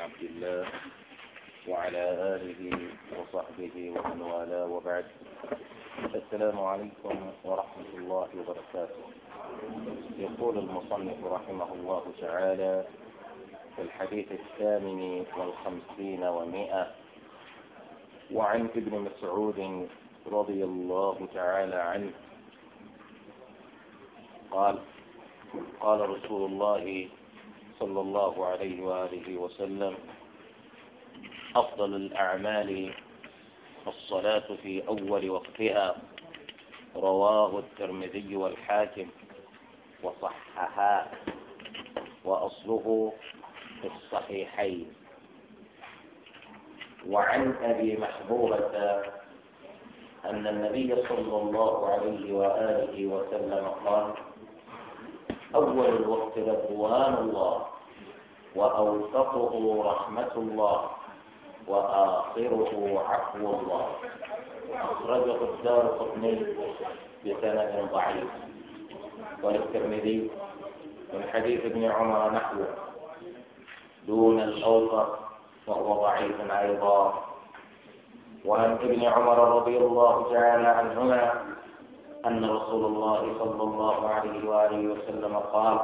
عبد الله وعلى آله وصحبه ومن والاه وبعد السلام عليكم ورحمة الله وبركاته يقول المصنف رحمه الله تعالى في الحديث الثامن والخمسين ومائة وعن ابن مسعود رضي الله تعالى عنه قال قال رسول الله صلى الله عليه وآله وسلم أفضل الأعمال الصلاة في أول وقتها رواه الترمذي والحاكم وصحها وأصله في الصحيحين وعن أبي محبوبة أن النبي صلى الله عليه وآله وسلم قال أول الوقت رضوان الله وأوسطه رحمة الله وآخره عفو الله أخرجه الدار قطني بسند ضعيف وللترمذي من حديث ابن عمر نحوه دون الأوسط وهو ضعيف أيضا وعن ابن عمر رضي الله تعالى عنهما أن رسول الله صلى الله عليه وآله وسلم قال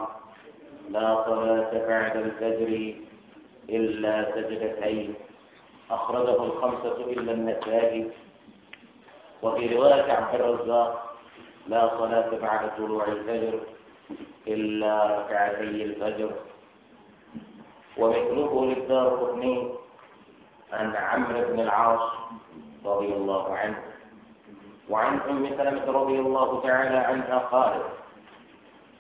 لا صلاة بعد الفجر إلا سجدتين أخرجه الخمسة إلا النسائي وفي رواية عبد الرزاق لا صلاة بعد طلوع الفجر إلا ركعتي الفجر ومثله للدار قطني عن عمرو بن العاص رضي الله عنه وعن أم سلمة رضي الله تعالى عنها قالت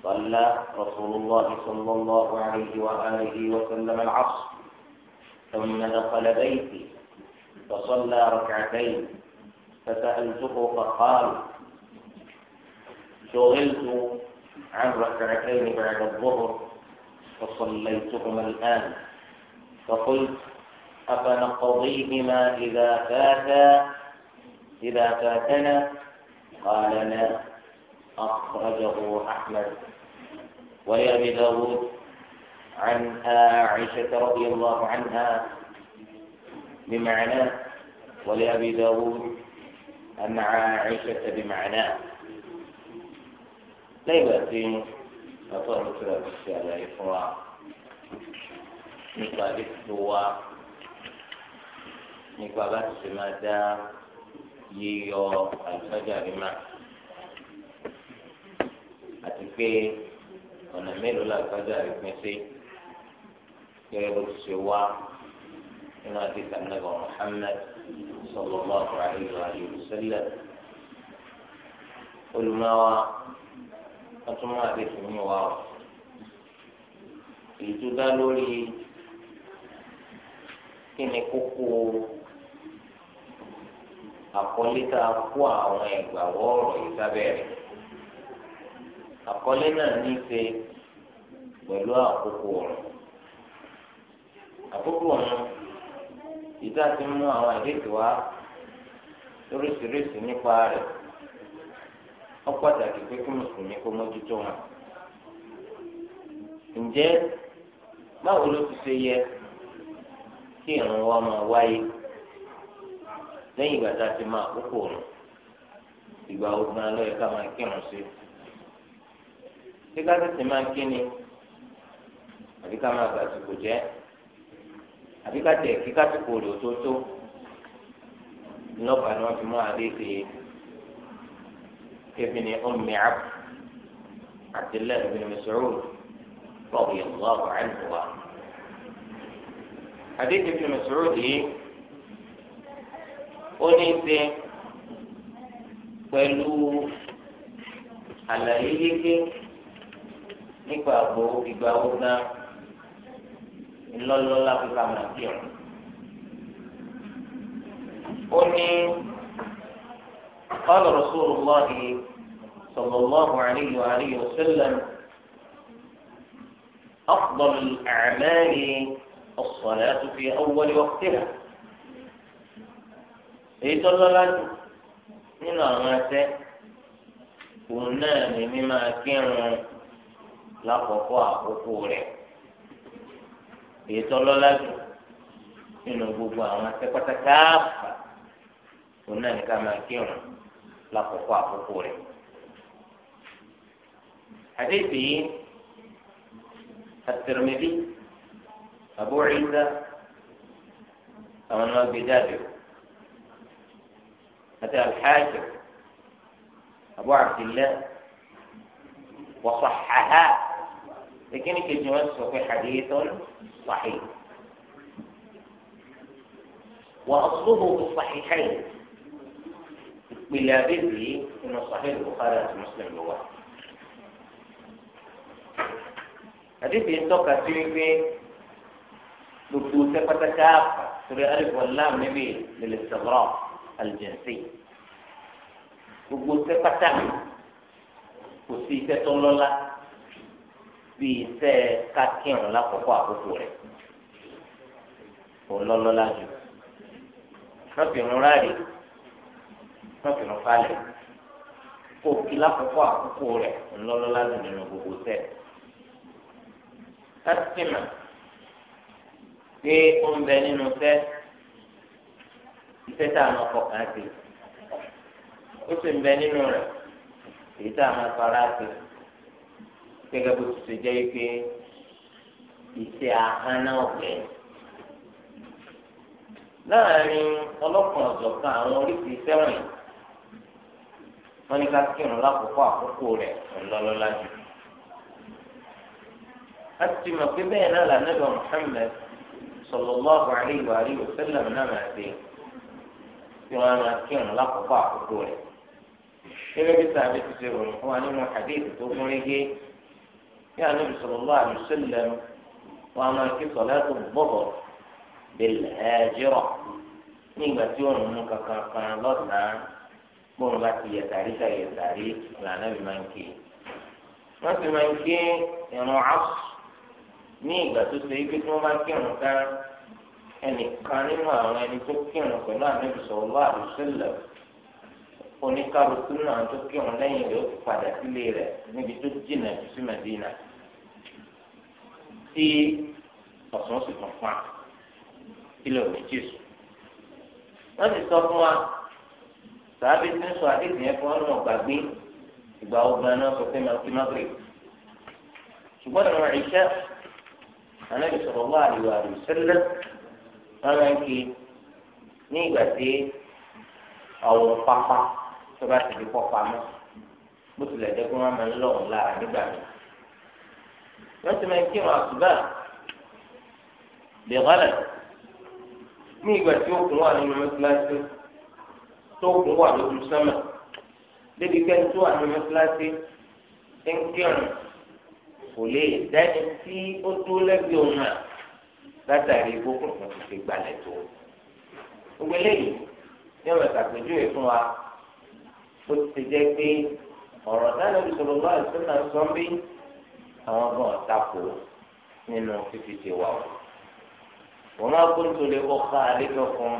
صلى رسول الله صلى الله عليه وآله وسلم العصر ثم دخل بيتي فصلى ركعتين فسألته فقال شغلت عن ركعتين بعد الظهر فصليتهما الآن فقلت أفنقضيهما إذا فاتا إذا فاتنا قال لا أخرجه أحمد ولأبي داود عن عائشة رضي الله عنها بمعناه ولأبي داود عن عائشة بمعناه ليلة يبقى أطول كلام الشارع إخوة نقابة هو نقابة سمادة يو الفجر ما أتفين ọ̀nà mélòó la fájà ìpín sí gẹ́gẹ́ bó ti ṣe wá nínú àti sàmìnàgà Muhammad sallallahu alaihi wa sallam olùmọ̀wá ọtúnmọ̀ àti sùnmí ọ̀ èyí tó dá lórí kí ni kókó àkọlé tá a kó àwọn ẹgbàá wọ́ọ̀rọ̀ yìí sábẹ́ rẹ̀. àkọlé náà ní í ṣe pẹ̀lú àkókò ọ̀rọ̀ àkókò ọ̀rọ̀ ìdá ti mú àwọn àdéhùn wá lóríṣiríṣi nípa rẹ̀ ó pàtàkì pé kí mùsùlùmí kó mójútó wọn. ǹjẹ́ báwo ló ti ṣe yẹ kí ìrun wa máa wáyé ìgbà tá a ti máa àkókò ìgbà ogun ṣé ká tètè máa kí ni àbí ká máa gbàsìkò jẹ́ àbí ká tẹ̀ kí kásìkò rè òtótó lọ́pàá ni wọ́n fi mú àdéhùn ابن أم عبد عبد الله بن مسعود رضي الله عنه وارضاه حديث ابن مسعود ó ní ṣe pẹ̀lú àlàyé yéké nípa àgbo ìgbà wo gan ńlọ́lọ́lá fífa máa bí ọ̀. ó ní قال رسول الله صلى الله عليه وآله وسلم أفضل الأعمال الصلاة في أول وقتها èyí tó lọ́lá nínú àwọn ẹsẹ̀ òun náà lákòókò àkókò rẹ̀ èyí tó lọ́lá jù nínú gbogbo àwọn akẹ́kọ̀ọ́tàkà òun náà ní ká máa kírun lákòókò àkókò rẹ̀. àdéhùn yìí àtẹ̀rẹ̀mẹ́bí àbúrò ìlú àwọn ọmọ gbé jáde àti alhaji abu abdillah wàsàḥàhà. لكن كيف يوسف في حديث صحيح وأصله في الصحيحين بلا بذل إن صحيح البخاري ومسلم لوحده àdìsí ń tọ́ka sí wípé gbogbo sẹ́pátákà torí alifọ̀lá níbi lèlè sọ̀rọ̀ alìjẹ̀nsì gbogbo sẹ́pátá kò sí iṣẹ́ tó lọ́lá bí iṣẹ́ kákírun lákòókò àkókò rẹ̀ kò lọ́lọ́lá jù wọ́n fi rún ráàlì wọ́n fi rún falẹ̀ kò kí lákòókò àkókò rẹ̀ kò lọ́lọ́lá jù nínú gbogbo iṣẹ́ kásìmà pé ó ń bẹ nínú iṣẹ́ iṣẹ́ tá a máa fọkàn sí ó sì ń bẹ nínú rẹ̀ èyí tá a máa fara sí gẹ́gẹ́ bó ti ṣe jẹ́ pé ìṣe àhánà ọ̀fẹ́ láàrin ọlọ́kan ọ̀jọ̀kan àwọn oríṣi iṣẹ́ wọ̀nyí wọ́n ní ká kírun lákòókò àkókò rẹ̀ ńlọ́lọ́lá jù. a ti mọ̀ pé bẹ́ẹ̀ náà lànàbọ̀ Muhammad sallallahu alaihi wa alihi wa sallam náà máa ṣe kí wọ́n máa kírun lákòókò àkókò rẹ̀. gẹ́gẹ́ bí sàbẹ̀ ti ṣe ròyìn fún wa nínú hadith tó gúnrégé. يا نبي صلى الله عليه وسلم في صلاة الظهر بالهاجرة من بسيون منك كان لطنا من بسي يتاريخ يتاريخ لا نبي منكي ما في منكي ينعص من بسي سيكت ممكي نكا أن كان ما وين تكي نكا لا نبي صلى الله عليه وسلم ونكا رسلنا أن تكي ونين يوفى لكي ليلة نبي تجينا في مدينة tí ọ̀sán sì kàn fún wa ilẹ̀ òní jésù. wọ́n ti sọ fún wa sàábì tí ń sọ àdéhùn yẹn fún ọ̀nà ọ̀gbàgbé ìgbà ọgbà náà sọ pé máa fi máa bèrè. ṣùgbọ́n àwọn ìṣe ànábì sọ̀rọ̀ wá àríwá àríwá sẹ́lẹ̀ wọ́n ní ìgbà tí àwọn pápá tó bá ti di pọ̀ pamọ́ bó tilẹ̀ jẹ́ pé wọ́n máa ń lọ̀ lára nígbà mìíràn wọ́n ti máa ń kírun àsùbá lè rálẹ̀ ní ìgbà tí òkun wà nínú mẹ́tíláṣí tó òkun wà lójú sánmà débi pé tó wà nínú mẹ́tíláṣí ti ń kírun kò lè dání tí ó dúró lẹ́gbẹ̀ẹ́ òun náà látàrí gbogbo nǹkan ti fi gbalẹ̀ tó. gbogbo eléyìí ní ọ̀rọ̀ ìtàpéjúwe fún wa ó ti jẹ́ pé ọ̀rọ̀ dáná ìṣòro bá ìṣúná sọ́ńbí àwọn gan tako nínú fífi ti wà o wọn máa kó nítorí ọkọ àlejò fún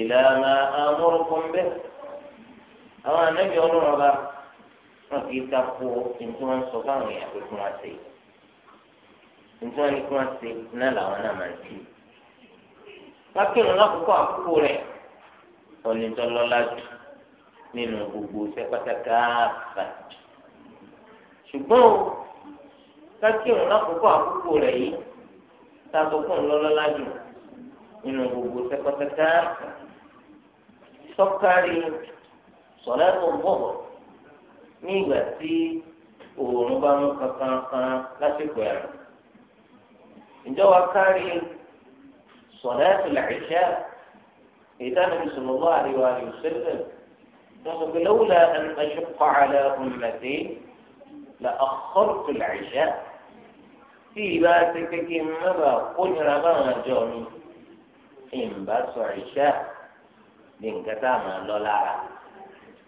ìlànà amúrúkún bẹ́ẹ̀ àwọn anábì Ọlọ́run ọba wọn kì í tako nítorí wọn sọ fáwọn èèyàn pé kí wọn ṣe nítorí wọn ní kí wọn ṣe náà làwọn náà máa ń ṣe lákìrún lákòókò àkókò rẹ̀ onítọ́lọ́lájú nínú gbogbo sẹ́pátákà fà ṣùgbọ́n o kákírun lákòókò àkókò rẹ̀ yìí sàkókò ńlọ́lọ́lá jù nínú gbogbo sẹ́kọ́sẹ́ká sọ́kárì sọ̀lẹ́tò bọ̀bọ̀ ní ìgbà tí òòrùn bá mú kankan lásìkò ẹ̀rọ. ìjọba kárí sọ̀lẹ́tò làìṣẹ́ ìdáná ìṣòlòwò àríwá àríwísẹ́lẹ̀ lọ́sọ̀gbẹ̀lẹ́wùlà ẹ̀ṣọ́kọ̀ àlẹ́ ọ̀mùmẹ̀tì la ọ̀kọ́rùtù làìṣẹ́ tí ìbá ti kékeré ń má bàa kó nira báwọn àjọ mi ìmbá sọ ìṣá ní nǹkan tá a máa lọ lára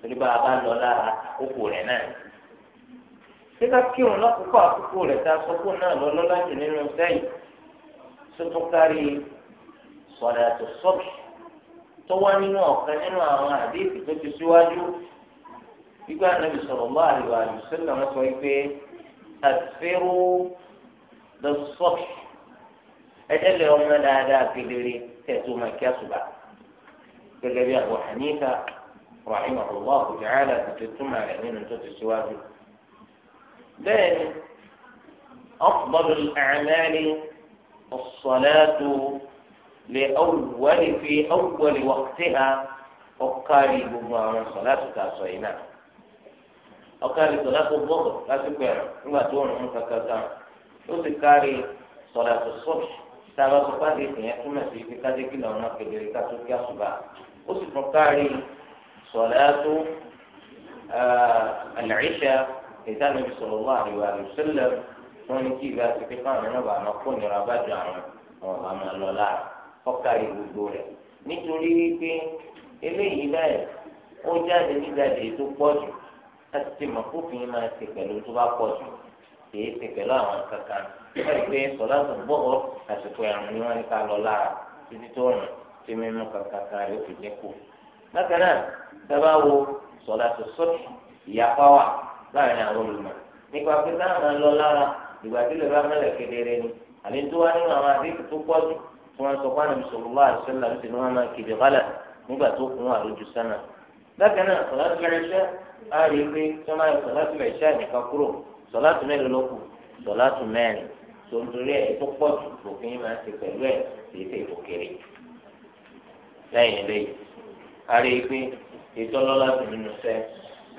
torí bá a bá lọ lára àkókò rẹ̀ náà ṣé ká kírun lọ́kùnkọ́ àkókò rẹ̀ tá a sọ fún náà lọ lọ́lá jù nínú sẹ́yìn tó tún tó sọ́ọ̀kì tó wá nínú ọ̀kan nínú àwọn àdéhùn tó ti síwájú gbígbà Ànábì sallallahu alaihi wasallam sọ wípé àtìfẹ́rù. للصبح أجل يومنا هذا في ليري تأتوما كاسبا كالذي أبو حنيفة رحمه الله تعالى تأتوما لأنين يعني أنتم السواد بين أفضل الأعمال الصلاة لأول في أول وقتها أقاري بمعنى صلاة كاسوينا أقاري صلاة الظهر لا تكبر ما تقول أنت كاسوينا ó sì kárí sọ̀rọ̀ àti sọ́ọ̀ṣì tá a bá sọ fáde ìpìyẹn túmọ̀ sí ibi káde kí lọ́nà kedere ká tó kí àṣùbà ó sì tún kárí sọ̀rọ̀ àti àlàyéṣà ìdáná ìṣòro wà àríwá àlùsílẹ̀ wọn ní kí ìgbà àti pípa àwọn ọba àwọn kò nira bá jọ àwọn ọba máa lọ láàrin ọkàrí gbogbo rẹ̀ nítorí wípé eléyìí báyìí ó jáde nígbàdé tó pọ̀ jù láti ti mọ̀ kófin máa ti pẹ̀lú tó bá pọ̀ jù kìí ṣe pẹ̀lú àwọn kankan wọ́n pè sọ̀lá tó ń bọ̀wọ́ àsìkò ẹ̀rùn ni wọ́n ní ká lọ lára títí tó rùn tí mímú kankan kan yóò fi dínkù. bákan náà sábà wo sọ̀lá tó sọ́ọ̀tì ìyapa wà láàrin àwọn olùmọ̀ nípa pé táwọn lọ lára ìgbà tí lè bá mẹ́lẹ̀ kedere ni àbí tó wá nínú àwọn àdéhùn tó pọ̀ jù tí wọ́n sọ fún àwọn sọ̀rọ̀lá àṣẹlá ní sinimá máa kéde kálẹ̀ nígbà tó kún wà lójú sánà. bákan náà sọ̀lá tó lè ṣẹ́ á pé sọ́mà tó lè ṣẹ́ nìkan kúrò sọláàtù mẹ́rin ló kù sọláàtù mẹ́rin tó ń torí ẹ̀ tó pọ̀ jù lòfin yìí máa ń ṣe pẹ̀lú ẹ̀ kìí ṣe ètò kéré lẹ́yìn eléyìí a rí i pé ètò ọlọ́láàtù nínú sẹ́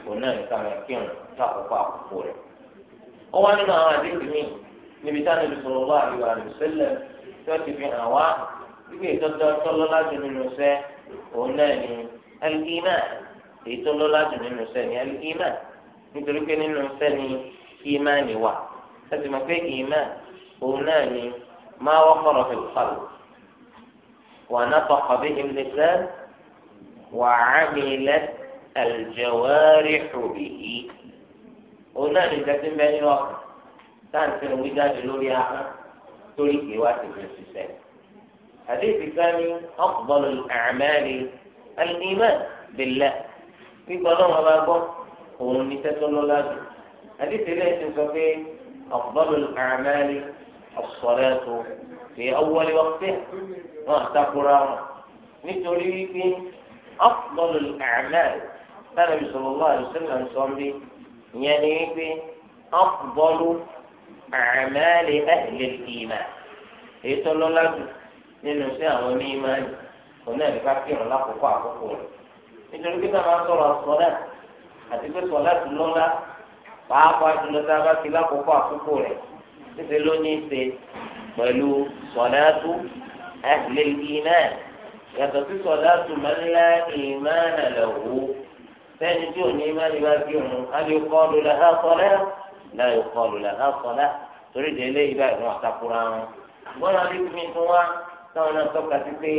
òun náà nìkan máa kí òun lákòókò àkókò rẹ̀ ó wá nínú àwọn àdéhùn míì níbi táwọn olùsọ̀rọ̀ wà àríwá àlùsẹ́lẹ̀ tí wọ́n ti fi hàn wá wípé ìtọ́jú ọlọ́láàtù nínú sẹ́ òun náà ni ẹlẹ́gìmá ètò ọlọ́láàtù nínú sẹ́ ni ẹlẹ́gìmá nítorí pé nínú sẹ́ ni ìmánì wà láti mọ̀ pé ìmánì òun náà ni máa wọ́pọ̀rọ̀ fìlú pàlù wà nàtọ̀ kọ̀bí ìmìlẹ́sẹ̀ wà á mìlẹ́ ẹ̀lẹ́jẹ̀wẹ́rì òbí yìí òun náà ni ìjẹ́sí ń bẹ nínú ọkàn táǹtì ń wí jáde lórí ahọ́n torí kì í wá sí ìlú ṣiṣẹ́ àdéhùn kan ní ọ̀pọ̀lọpọ̀ àmẹ́rin ẹ̀lẹ́mẹ̀ bẹ̀lẹ̀ gbígbọ́ náà wọn bá gbọ́ òun ní tẹ́tọ́ lọ́lá jù. حديث ليس فيه أفضل الأعمال الصلاة في أول وقتها. وقته واختقر نتريد أفضل الأعمال النبي صلى الله عليه وسلم صلي يعني أفضل أعمال أهل الإيمان يقول الله nínú sí àwọn onímọ̀ọ́nì òun náà nípa kírun lákòókò àkókò rẹ̀ nítorí pé náà máa ń sọ̀rọ̀ sọ́dà àti pé sọ̀dà tó pàápàá jùlọ tá a bá ti lákòókò àkókò rẹ̀ ṣíṣe ló ní í ṣe pẹ̀lú sọ̀dáàtú ẹ̀hìlẹ̀ ìmáà yàtọ̀ sí sọ̀dáàtú mẹ́lá ìmáà lẹ̀wò sẹ́ni tí ò ní má ní bá bí òun á lè kọ́ ló lẹ́hà sọ́lá kọ́ torí àtàkùrọ̀ àwọn. gbọ́dọ̀ bí mi táwọn náà tọ́ka sí pé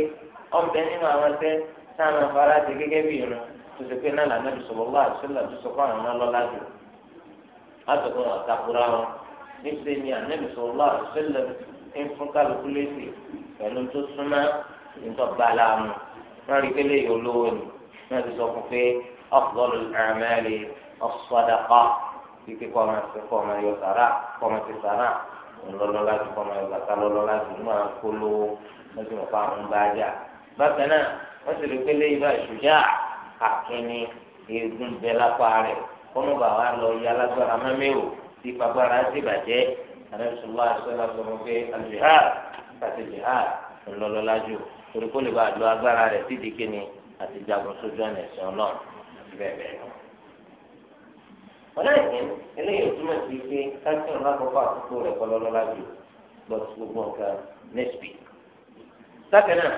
ọ̀bẹ nínú àwọn ẹgbẹ́ táwọn àtọ̀kọ́ wọn àtàkùrá wọn níṣẹ́ ni ànábì sallallahu alaihi wasallam ń fún kálukú létí pẹ̀lú tó súnmọ́ ìtọ́gbà láàmú wọn rí pélé yìí olówó ni wọn ti sọ fún pé afdalul a'mali as-sadaqa kíkẹ́ kọ́ ọmọ ti kọ́ ọmọ yọ sàrà kọ́ ọmọ ti sàrà ńlọlọ́lá ti kọ́ ọmọ yọ bàtà lọ́lọ́lá ti mú àwọn polówó wọn ti mọ̀ fáwọn ń bá bákan náà wọn ti rí pélé yìí bá ìṣújà àkínní kọ́mọ bá wa lọ yí alágbára mẹ́mẹ́wò tí fagbára ti bàjẹ́ anamisọ́lá àṣọlá sọ̀rọ̀ pé alùjihad àti jihad ńlọlọ́lájú torí kó lè bá lọ agbára rẹ̀ sídìí kíni àti jagun sójú ọ̀nà ẹ̀sìn ọlọ́run àti bẹ́ẹ̀ bẹ́ẹ̀ lọ. wọ́n náà yẹn eléyìí túmọ̀ sí pé káṣíọ̀n lákòókò àkókò rẹ̀ kọ́ lọ́lọ́lájú lọ sí gbogbo nǹkan nẹ́sìpì. sákẹ́ náà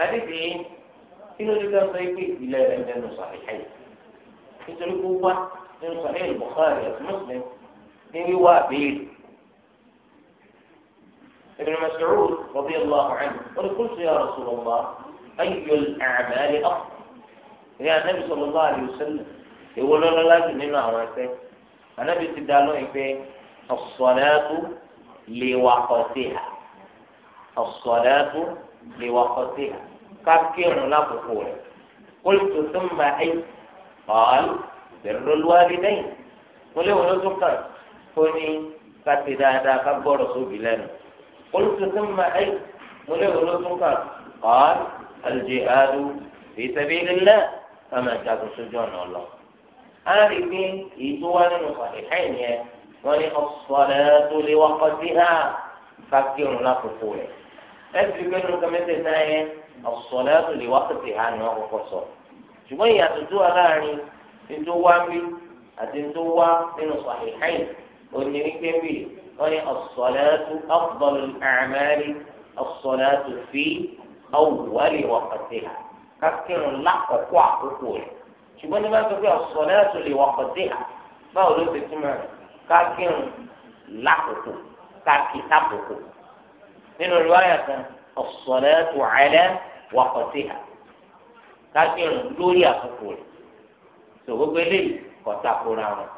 adébíyí kí ló dé ká sọ pé ìpìlẹ̀ rẹ̀ ń dẹnu sàrẹ̀ nítorí gbogbo nínú sọ̀rọ̀ Bukhari àti Muslim ní wíwá àbẹ́rẹ́. ابن مسعود رضي الله عنه قال قلت يا رسول الله أي الأعمال أفضل يا النبي صلى الله عليه وسلم يقول له لا تنين عوانسك النبي تدالو إيه الصلاة لوقتها الصلاة لوقتها كم كيرو لا قلت ثم أي ọ̀hán ìbẹ̀rù ló wá rí lẹ́yìn mo léwu ló tún kàn ó ní ká ti dáadáa ká gbọ́rọ̀ sóbì lẹ́nu olùtútù máa ẹ̀ mo léwu ló tún kàn ọ̀hán al-jihadu fi sabilillah ọmọ ìjagun sójú ọ̀nà ọ̀lọ́ àárín pé èyí tó wá nínú Sahihayn yẹn wọ́n ní as-salatu li waqtiha kákírun lákòókò rẹ̀ ẹ̀ ti gbẹ́nu kọ́mẹ́tẹ̀ náà yẹn as-salatu li waqtiha ni wọ́n kọ́kọ́ sọ̀rọ̀ ṣùgbọ́n ìyàtọ̀ tó wà láàrin ní tó wá mí àti ní tó wá nínú Sahihayn òní wípé bí wọ́n ní as-salatu afdalul a'mali as-salatu fi awwali waqtiha kákìrún lákòókò àkókò rẹ̀ ṣùgbọ́n ní bá tó fi as-salatu li waqtiha báwo ló ti túmọ̀ kákìrún lákòókò káàkì tákòókò nínú riwaya kan as-salatu ala waqtiha káfíìrùn lórí àkókò rẹ̀ tó gbogbo eléyìí kọ̀tà kóra wọn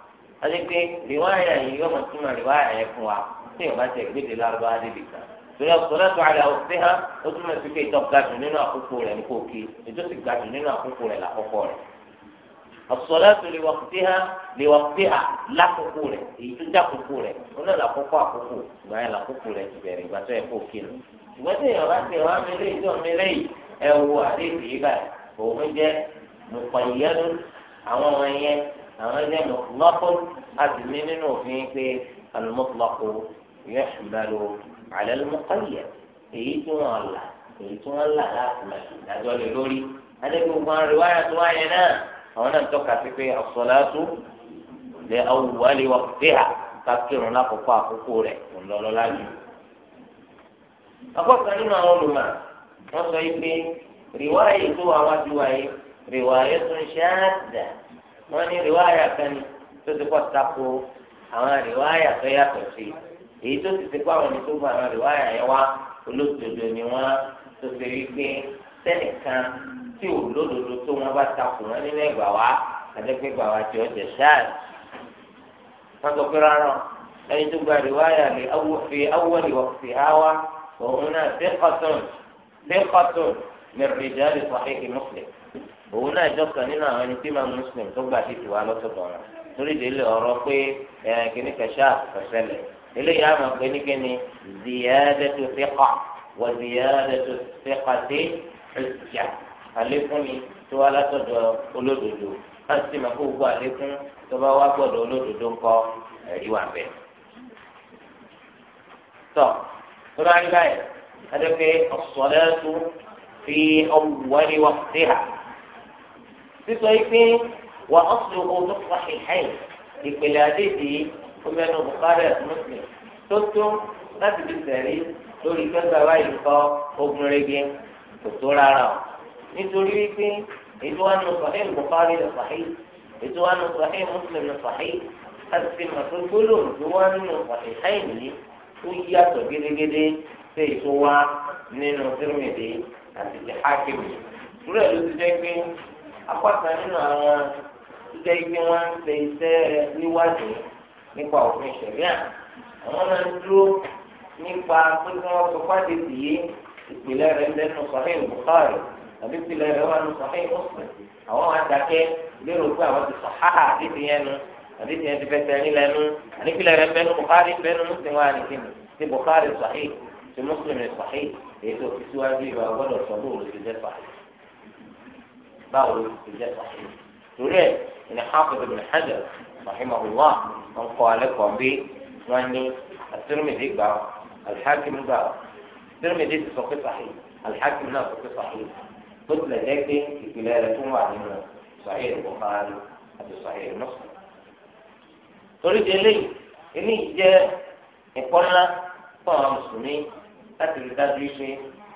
àti pé rìwáyà yìí yọmọ túmọ̀ rìwáyà yẹn fún wa tí yọmọ ti gbèdé lárúbáwá débi kan torí ọ̀sọ̀rọ̀ tó àlẹ́ òfin hàn ó túmọ̀ sí pé ìtọ́ ga jù nínú àkókò rẹ̀ ní kò kí ètò sì ga jù nínú àkókò rẹ̀ lákòókò rẹ̀ ọ̀sọ̀rọ̀ tó lè wọ́pẹ́ hàn lè wọ́pẹ́ hàn lákòókò rẹ̀ èyí tó já kókó rẹ̀ ó náà lákòókò àkókò ìgbà yẹn lákòókò rẹ̀ ti bẹ̀rẹ̀ ìgbà tó yẹ kó kí lọ. ìgbà tó yẹ òun jẹ́ mùkànyẹ́rù àwọn ọmọ yẹn àwọn jẹ́ mùkúlọ́kù àti ní nínú òfin pé àlùmọ́kúlọ́kù yóò ṣùgbọ́n àlẹ́ àlùmọ́kànyẹ́ èyí tí wọ́n là èyí tí wọ́n là láti mọ̀ ìdájọ́ lé lórí adébíyàn kan rí wáyà tó wáyà náà àwọn náà ń tọ́ka sí pé as-salatu li awwali waqtiha kakirun lákòókò àkókò rẹ̀ ńlọlọ́lá yìí. akọ́kọ́ nínú àwọn olùmọ̀ wọ́n sọ yìí pé riwaya tó wà wájú wáyé riwaya tó ń ṣáàdà kan ní tó ti kọ́ tako àwọn riwaya tó yàtọ̀ sí èyí tó ti ti kọ́ àwọn ènìyàn ni wọn tó ti rí pé sẹ́nìkan tí ò lódodo tó wọn bá tako wọn nínú ẹgbà wá àdẹ́gbẹ́ gbà wá tí من رجال صحيح مسلم òun náà jọ́kàn nínú àwọn ẹni tí máa muslim tó gbà títí wa lọ́sọ̀tọ̀ wọn torí délé ọ̀rọ̀ pé kìnnì kẹṣà kẹsẹ̀lẹ̀ eléyìí àmọ̀ pé ní kíni ziyadatu thiqa wa ziyadatu thiqati hujja àlékún ni tó wá látọ̀dọ̀ olódodo láti sì máa kó gbọ́ àlékún tó bá wá gbọ́dọ̀ olódodo ńkọ ẹ̀rí wà bẹ́ẹ̀. tọ́ tó bá ń báyìí adé pé ọ̀sọ̀lẹ́tù في أول وقتها بطيب وأصله مصلح الحين لبلاده ثم بخاري مسلم تتم قد بالتاريخ lórí kẹta báyìí kọ ogun rege kò tó rárá o nítorí wípé ètò wa nù sàhé Bukhari nù sàhé ètò wa nù sàhé Muslim nù sàhé láti fi mà tó gbólóhùn tó wá nínú sàhé sáyìn yìí tó yàtọ̀ gédégédé sí ètò wa nínú sírìmìdì láti fi hákìmù ìrúlẹ̀ ló ti jẹ́ pé apáta nínú àwọn tó jẹ́ pé wọ́n ń ṣe iṣẹ́ níwájú nípa òfin ṣẹ̀ríà àwọn máa ń dúró nípa pé kí wọ́n sọ fáde tìyé ìpìlẹ̀ rẹ̀ lẹ́nu sọ̀hìn Bukhari tàbí ìpìlẹ̀ rẹ̀ wà ní sọ̀hìn Muslim àwọn àdàkẹ́ lérò pé àwọn ti sọ háhà àdìsí yẹn nu àdìsí yẹn ti fẹsẹ̀ ní lẹ́nu àdìpìlẹ̀ rẹ̀ bẹ́nu Bukhari bẹ́nu Muslim wà nìkíni ti Bukhari sọ̀hìn ti Muslim sọ̀hìn. ètò tó fi síwájú ìwà gbọ́dọ̀ sọ bóòlù ti jẹ́ sàhíhì báwo ló ti jẹ́ fà torí ẹ̀ ní Hafiz ibn Hajar rahimahullah wọn kọ́ alẹ́ kọ́ bí wọ́n ní at-Tirmidhi gbà ọ́ al-Hakim gbà ọ́ at-Tirmidhi ti sọ pé sàhíhì al-Hakim náà sọ fà sàhíhì bó tilẹ̀ jẹ́ pé ìpìlẹ̀ rẹ̀ tún wà nínú Sahih Bukhari àti Sahih Muslim torí di eléyìí eléyìí jẹ́ ìkọ́lá fún àwọn mùsùlùmí láti rí dájú pé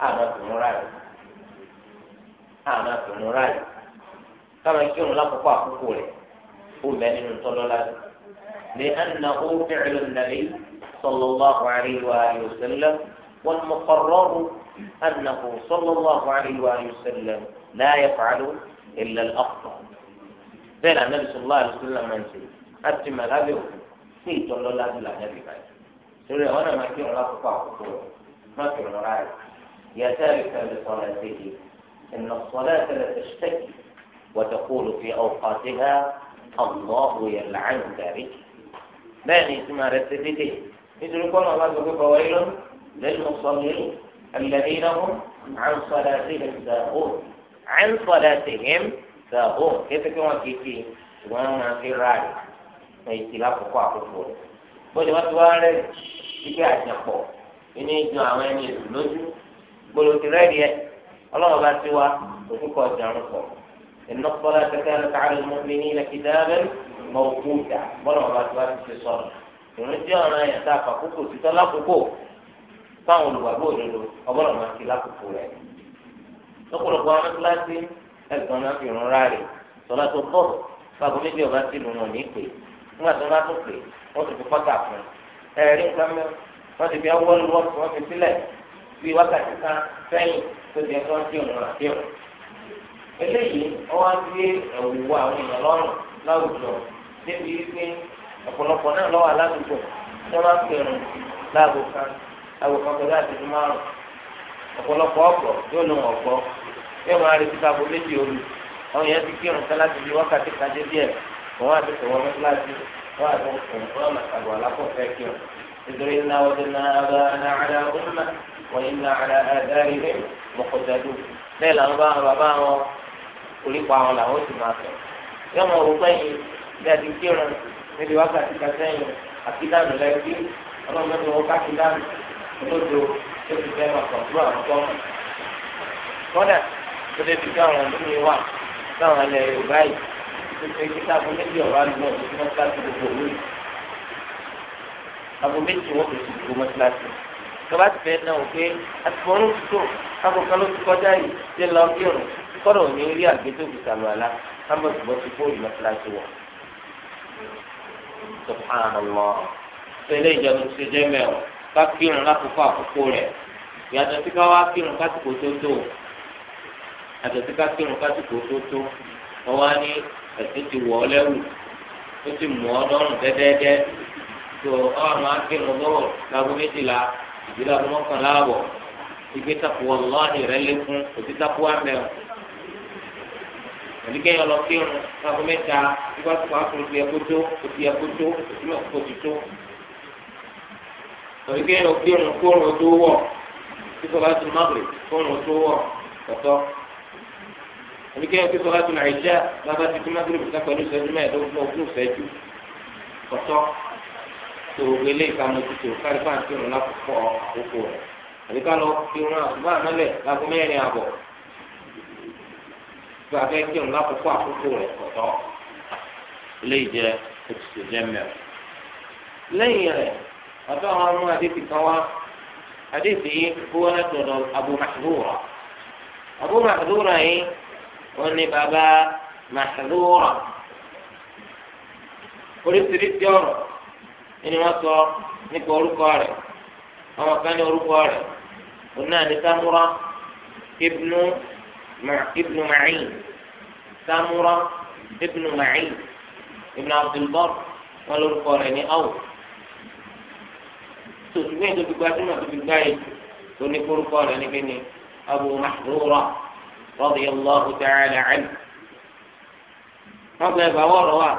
àmọ́ tòun ráàyè àmọ́ tòun ráàyè káwọn kí òun lákòókò àkókò rẹ̀ ó mẹ́ nínú tọ́lọ́lá rẹ̀ lẹ́hìnàwó fẹ́ẹ́lú nàbí صلى الله عليه وآله وسلم والمقرر أنه صلى الله عليه وآله وسلم لا يفعل إلا الأخطأ bẹ́ẹ̀ ni anabi sọ̀rọ̀ láàrin sílẹ̀ máa ń ṣe láti máa lábẹ́ òkú sí ìtọ́lọ́lá bí lànà bí báyìí torí àwọn náà máa kí àkókò àkókò ذكر معي يا تاركا لصلاته إن الصلاة لا تشتكي وتقول في أوقاتها الله يلعن ذلك بني ثم رتبته مثل كل ما فويل للمصلين الذين هم عن صلاتهم ساهون عن صلاتهم ساهون كيف كما في وانا في راي ما يتلاقوا قاعدة بولي بولي ما توارد يجي عشان ìní ìjọ àwọn ẹni ìlú lójú gbòòrò tìrẹ́ẹ̀dì ẹ ọlọ́run bá ti wá òkúkọ ìjàrún pọ̀ ìnọ́kọ́lá tẹ́tẹ́ rẹ̀ káàrí mọ́bí ní ilẹ̀ kìdáàbẹ̀ mọ́ òkú ìjà bọ́lọ́run bá ti wá ti ṣe sọ̀rọ̀ ìrún jẹ́ ọ̀ràn ẹ̀yà tá a fà kókò títọ́ lákòókò fáwọn olùgbàgbọ́ òdodo ọgbọ́dọ̀ máa ti lákòókò rẹ̀ lọ́pọ̀lọpọ̀ àwọn kíláàsì ẹ̀sán náà fi rún ráàlì sọlá tó bọ̀ fáwọn méjì ọba ti lù wọn ní nígbà tó bá tó pè wọ́n ti fi kọ́tà fún ẹ̀rí nǹkan mẹ́rin wọ́n ti fi ọwọ́ lu wọ́n ti wọ́n fi sílẹ̀ bíi wákàtí kan sẹ́yìn tó ti ẹ̀kọ́ tí òun àti ọ̀. eléyìí wọ́n á gbé ẹ̀wù àwọn èèyàn lọ́rùn láwùjọ débi wípé ọ̀pọ̀lọpọ̀ náà lọ́wọ́ aládùúgbò tí wọ́n bá ń pèrò láàbò kan láàbò kan pẹ̀lú àtẹ̀jú márùn ọ̀pọ̀lọpọ̀ ọ̀pọ̀ yóò lò wọ́n gbọ́ yóò máa retí káàbọ̀ méjì olù àwọn èèyàn ti kírun sá láti fi wákàtí kan dé díẹ̀ wọ́n á ti sọ̀rọ̀ mọ́ إذرنا وجدنا آباءنا على أمة وإنا على آثارهم مقتدون ليلة أربعة بابا orípa àwọn làwọn sì máa fẹ́ yọ ọmọ òwò pẹ́yìn bí a ti kírun níbi wákàtí kan sẹ́yìn àkídànù lẹ́bí ọlọ́mọ ní wọn kákídànù lódò tó ti fẹ́ máa kàn fún àwọn tọ́mù. kọ́dà tó lè fi kí àwọn ọ̀dọ́ mi wà láwọn ilẹ̀ Yorùbá yìí tó ṣe kí sáfún méjì ọ̀rá lù náà tó fi máa ń sáfún gbogbo òwúrò aago méjì wọ́n fèsì ìdúró mọ́síláṣí tọ́ba ti fẹ́ náà pé àtìmọ́ ló ti tó aago kan ló ti kọjá yìí ṣé lọ kírun kọ́dọ̀ ní rí àgbẹ̀tò ìsàlù àlá kámbọ̀sibọ́ ti kó ìmọ̀síláṣí wọ̀ subhanallah tẹ́lẹ̀ ìjọba ti jẹ́ mẹ́wọ̀ ká kírun lákòókò àkókò rẹ̀ yàtọ̀ sí ká wá kírun kásìkò tó tó yàtọ̀ sí ká kírun kásìkò tó tó wọ́n wá ní ẹ̀sìn ti wọ̀ ọ́ lẹ́wù ó ti mú ọ tó ọ̀rọ̀ máa ń kírun bọ́wọ̀ lágbo méjìlá ìdílé àgbo mọ́kànlá àbọ̀ ìgbé takuwa lọ́ọ̀hìn rẹ lékún òtí takuwa mẹ́rin àdìgẹ́ yọ lọ kírun lágbo mẹ́ta ìgbà tó wàá kúrò tiẹ̀ kótó òtiẹ̀ kótó òtí òtító àdìgẹ́ yọ kírun kórun tó wọ̀ kíkọ́ bá tún mọ́bìrì kórun tó wọ̀ tọ̀tọ̀ àdìgẹ́ yọ kíkọ́ bá tún àìjá bá bá ti tún mọ́bìrì kọ́tọ́ pẹ̀lú ìṣẹ́jú mẹ́ẹ̀ẹ́dógún ọdún ìṣẹ́jú tọ̀tọ̀ tó gbogbo eléyìí ká mo tutù kárí bá ń tí òun lákòókò àkókò rẹ àbí ká lọ fi òun àtúbà mẹlẹ lágbo mẹ́rin àbọ̀ tó a fẹ́ kí òun lákòókò àkókò rẹ kọtọ eléyìí jẹ òtútù jẹ mẹ́rin lẹ́yìn rẹ ọ̀dọ̀ àwọn ọmọ adébí kan wá adébí yìí kó wọn láti ọ̀dọ̀ Abu Mahdura Abu Mahdura yìí wọn ni baba Mahdura oríṣiríṣi ọ̀rọ̀. nínú wọn sọ nípa orúkọ rẹ̀ ọmọ kan ní orúkọ rẹ̀ òun náà ní samura ibnu ma ibnu ma'in samura ibnu ma'in ibnu abdulbar wọn lórúkọ rẹ̀ ní awo tòṣùgbọ́n ètò gbígbá tó náà tó gbígbá yìí tó ní orúkọ rẹ̀ ní kíni abu mahdura radiyallahu ta'ala anhu wọn gbé ẹgbàá wọ̀rọ̀ wa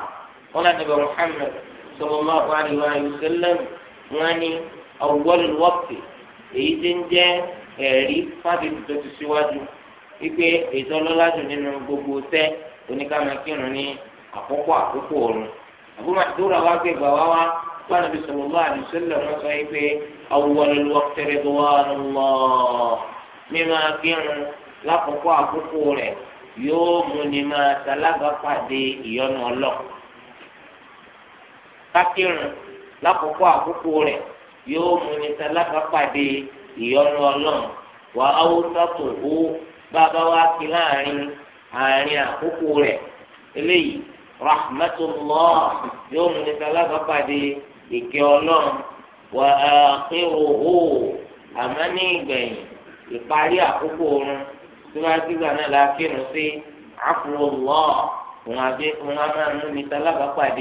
wọn lànà ibà muhammed. sallallahu alaihi wa sallam wọ́n ní awwal al-waqt èyí tí ń jẹ́ ẹ̀rí fábíyì tó ti síwájú wípé ètò ọlọ́lájú nínú gbogbo sẹ́ oníkàmẹ́kìrún ní àkókò àkókò ọ̀run àbúrò àdúrà wa gbé gbà wá wá wọn àbí sallallahu alaihi wasallam wọn sọ yìí pé awwal al-waqt ridwanullah mímọ akírun lákòókò àkókò rẹ̀ yóò múni máa ṣalábàápàdé ìyọ́nú Ọlọ́run. kákírun lákòókò àkókò rẹ̀ yóò mú ní sálábàápàdé ìyọnu ọlọ́run wà áwòsàtò ó bàbá wa kí láàrin àárín àkókò rẹ̀ eléyìí rahmatullah yóò mú ní sálábàápàdé ìkẹ́ ọlọ́run wà ákérò ó àmọ́ ní ìparí àkókò oorun tí wọ́n á gbígbà náà la sí àfúrò lọ́ọ̀ òun àbí máa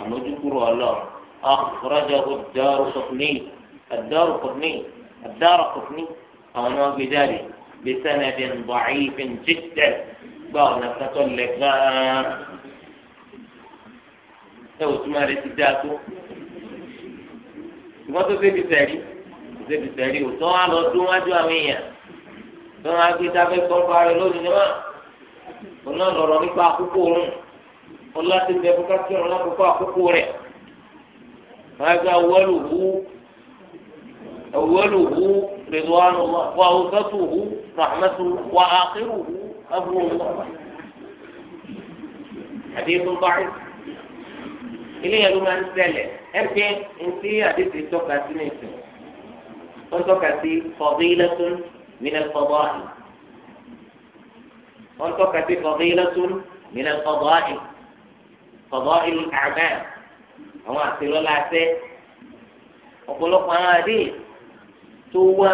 àmójúkúrò ọlọ́run akhrajahu ad-Daraqutni ad-Daraqutni ad-Daraqutni àwọn ni wọ́n gbé jáde bi sanadin da'ifin jiddan gba ọ̀nà kátó lẹ̀ gán. ẹ wò túmọ̀ rẹ ti dá tó ìwọ́n tó débi sẹ́rí débi sẹ́rí ò tó wá lọ dún wájú àwọn èèyàn tó wá gbé dábẹ́ gbọ́ parí lónìí ni òun náà lọ̀rọ̀ nípa àkókò òun ọlá ti bẹ fún kákí ọ̀rọ̀ lákòókò àkókò rẹ̀ rájà wọ́lùwú wọ́lùwú rẹ̀dùwánù wà ọ̀sọ́tùwú rahmatu wà àkírùwú abúlé àdéhùn báyìí ilé yẹn ló máa ń ṣẹlẹ̀ ẹ̀pẹ́ ntí àdéhùn tọ́ka sí ní ìsìn ó tọ́ka sí fadilatun min al-fadail ó tọ́ka sí fadilatun min al-fadail fọ̀bọ́ ìlú àgbà àwọn àtìlọ́lá sẹ́ ọ̀pọ̀lọpọ̀ àwọn àdé tó wá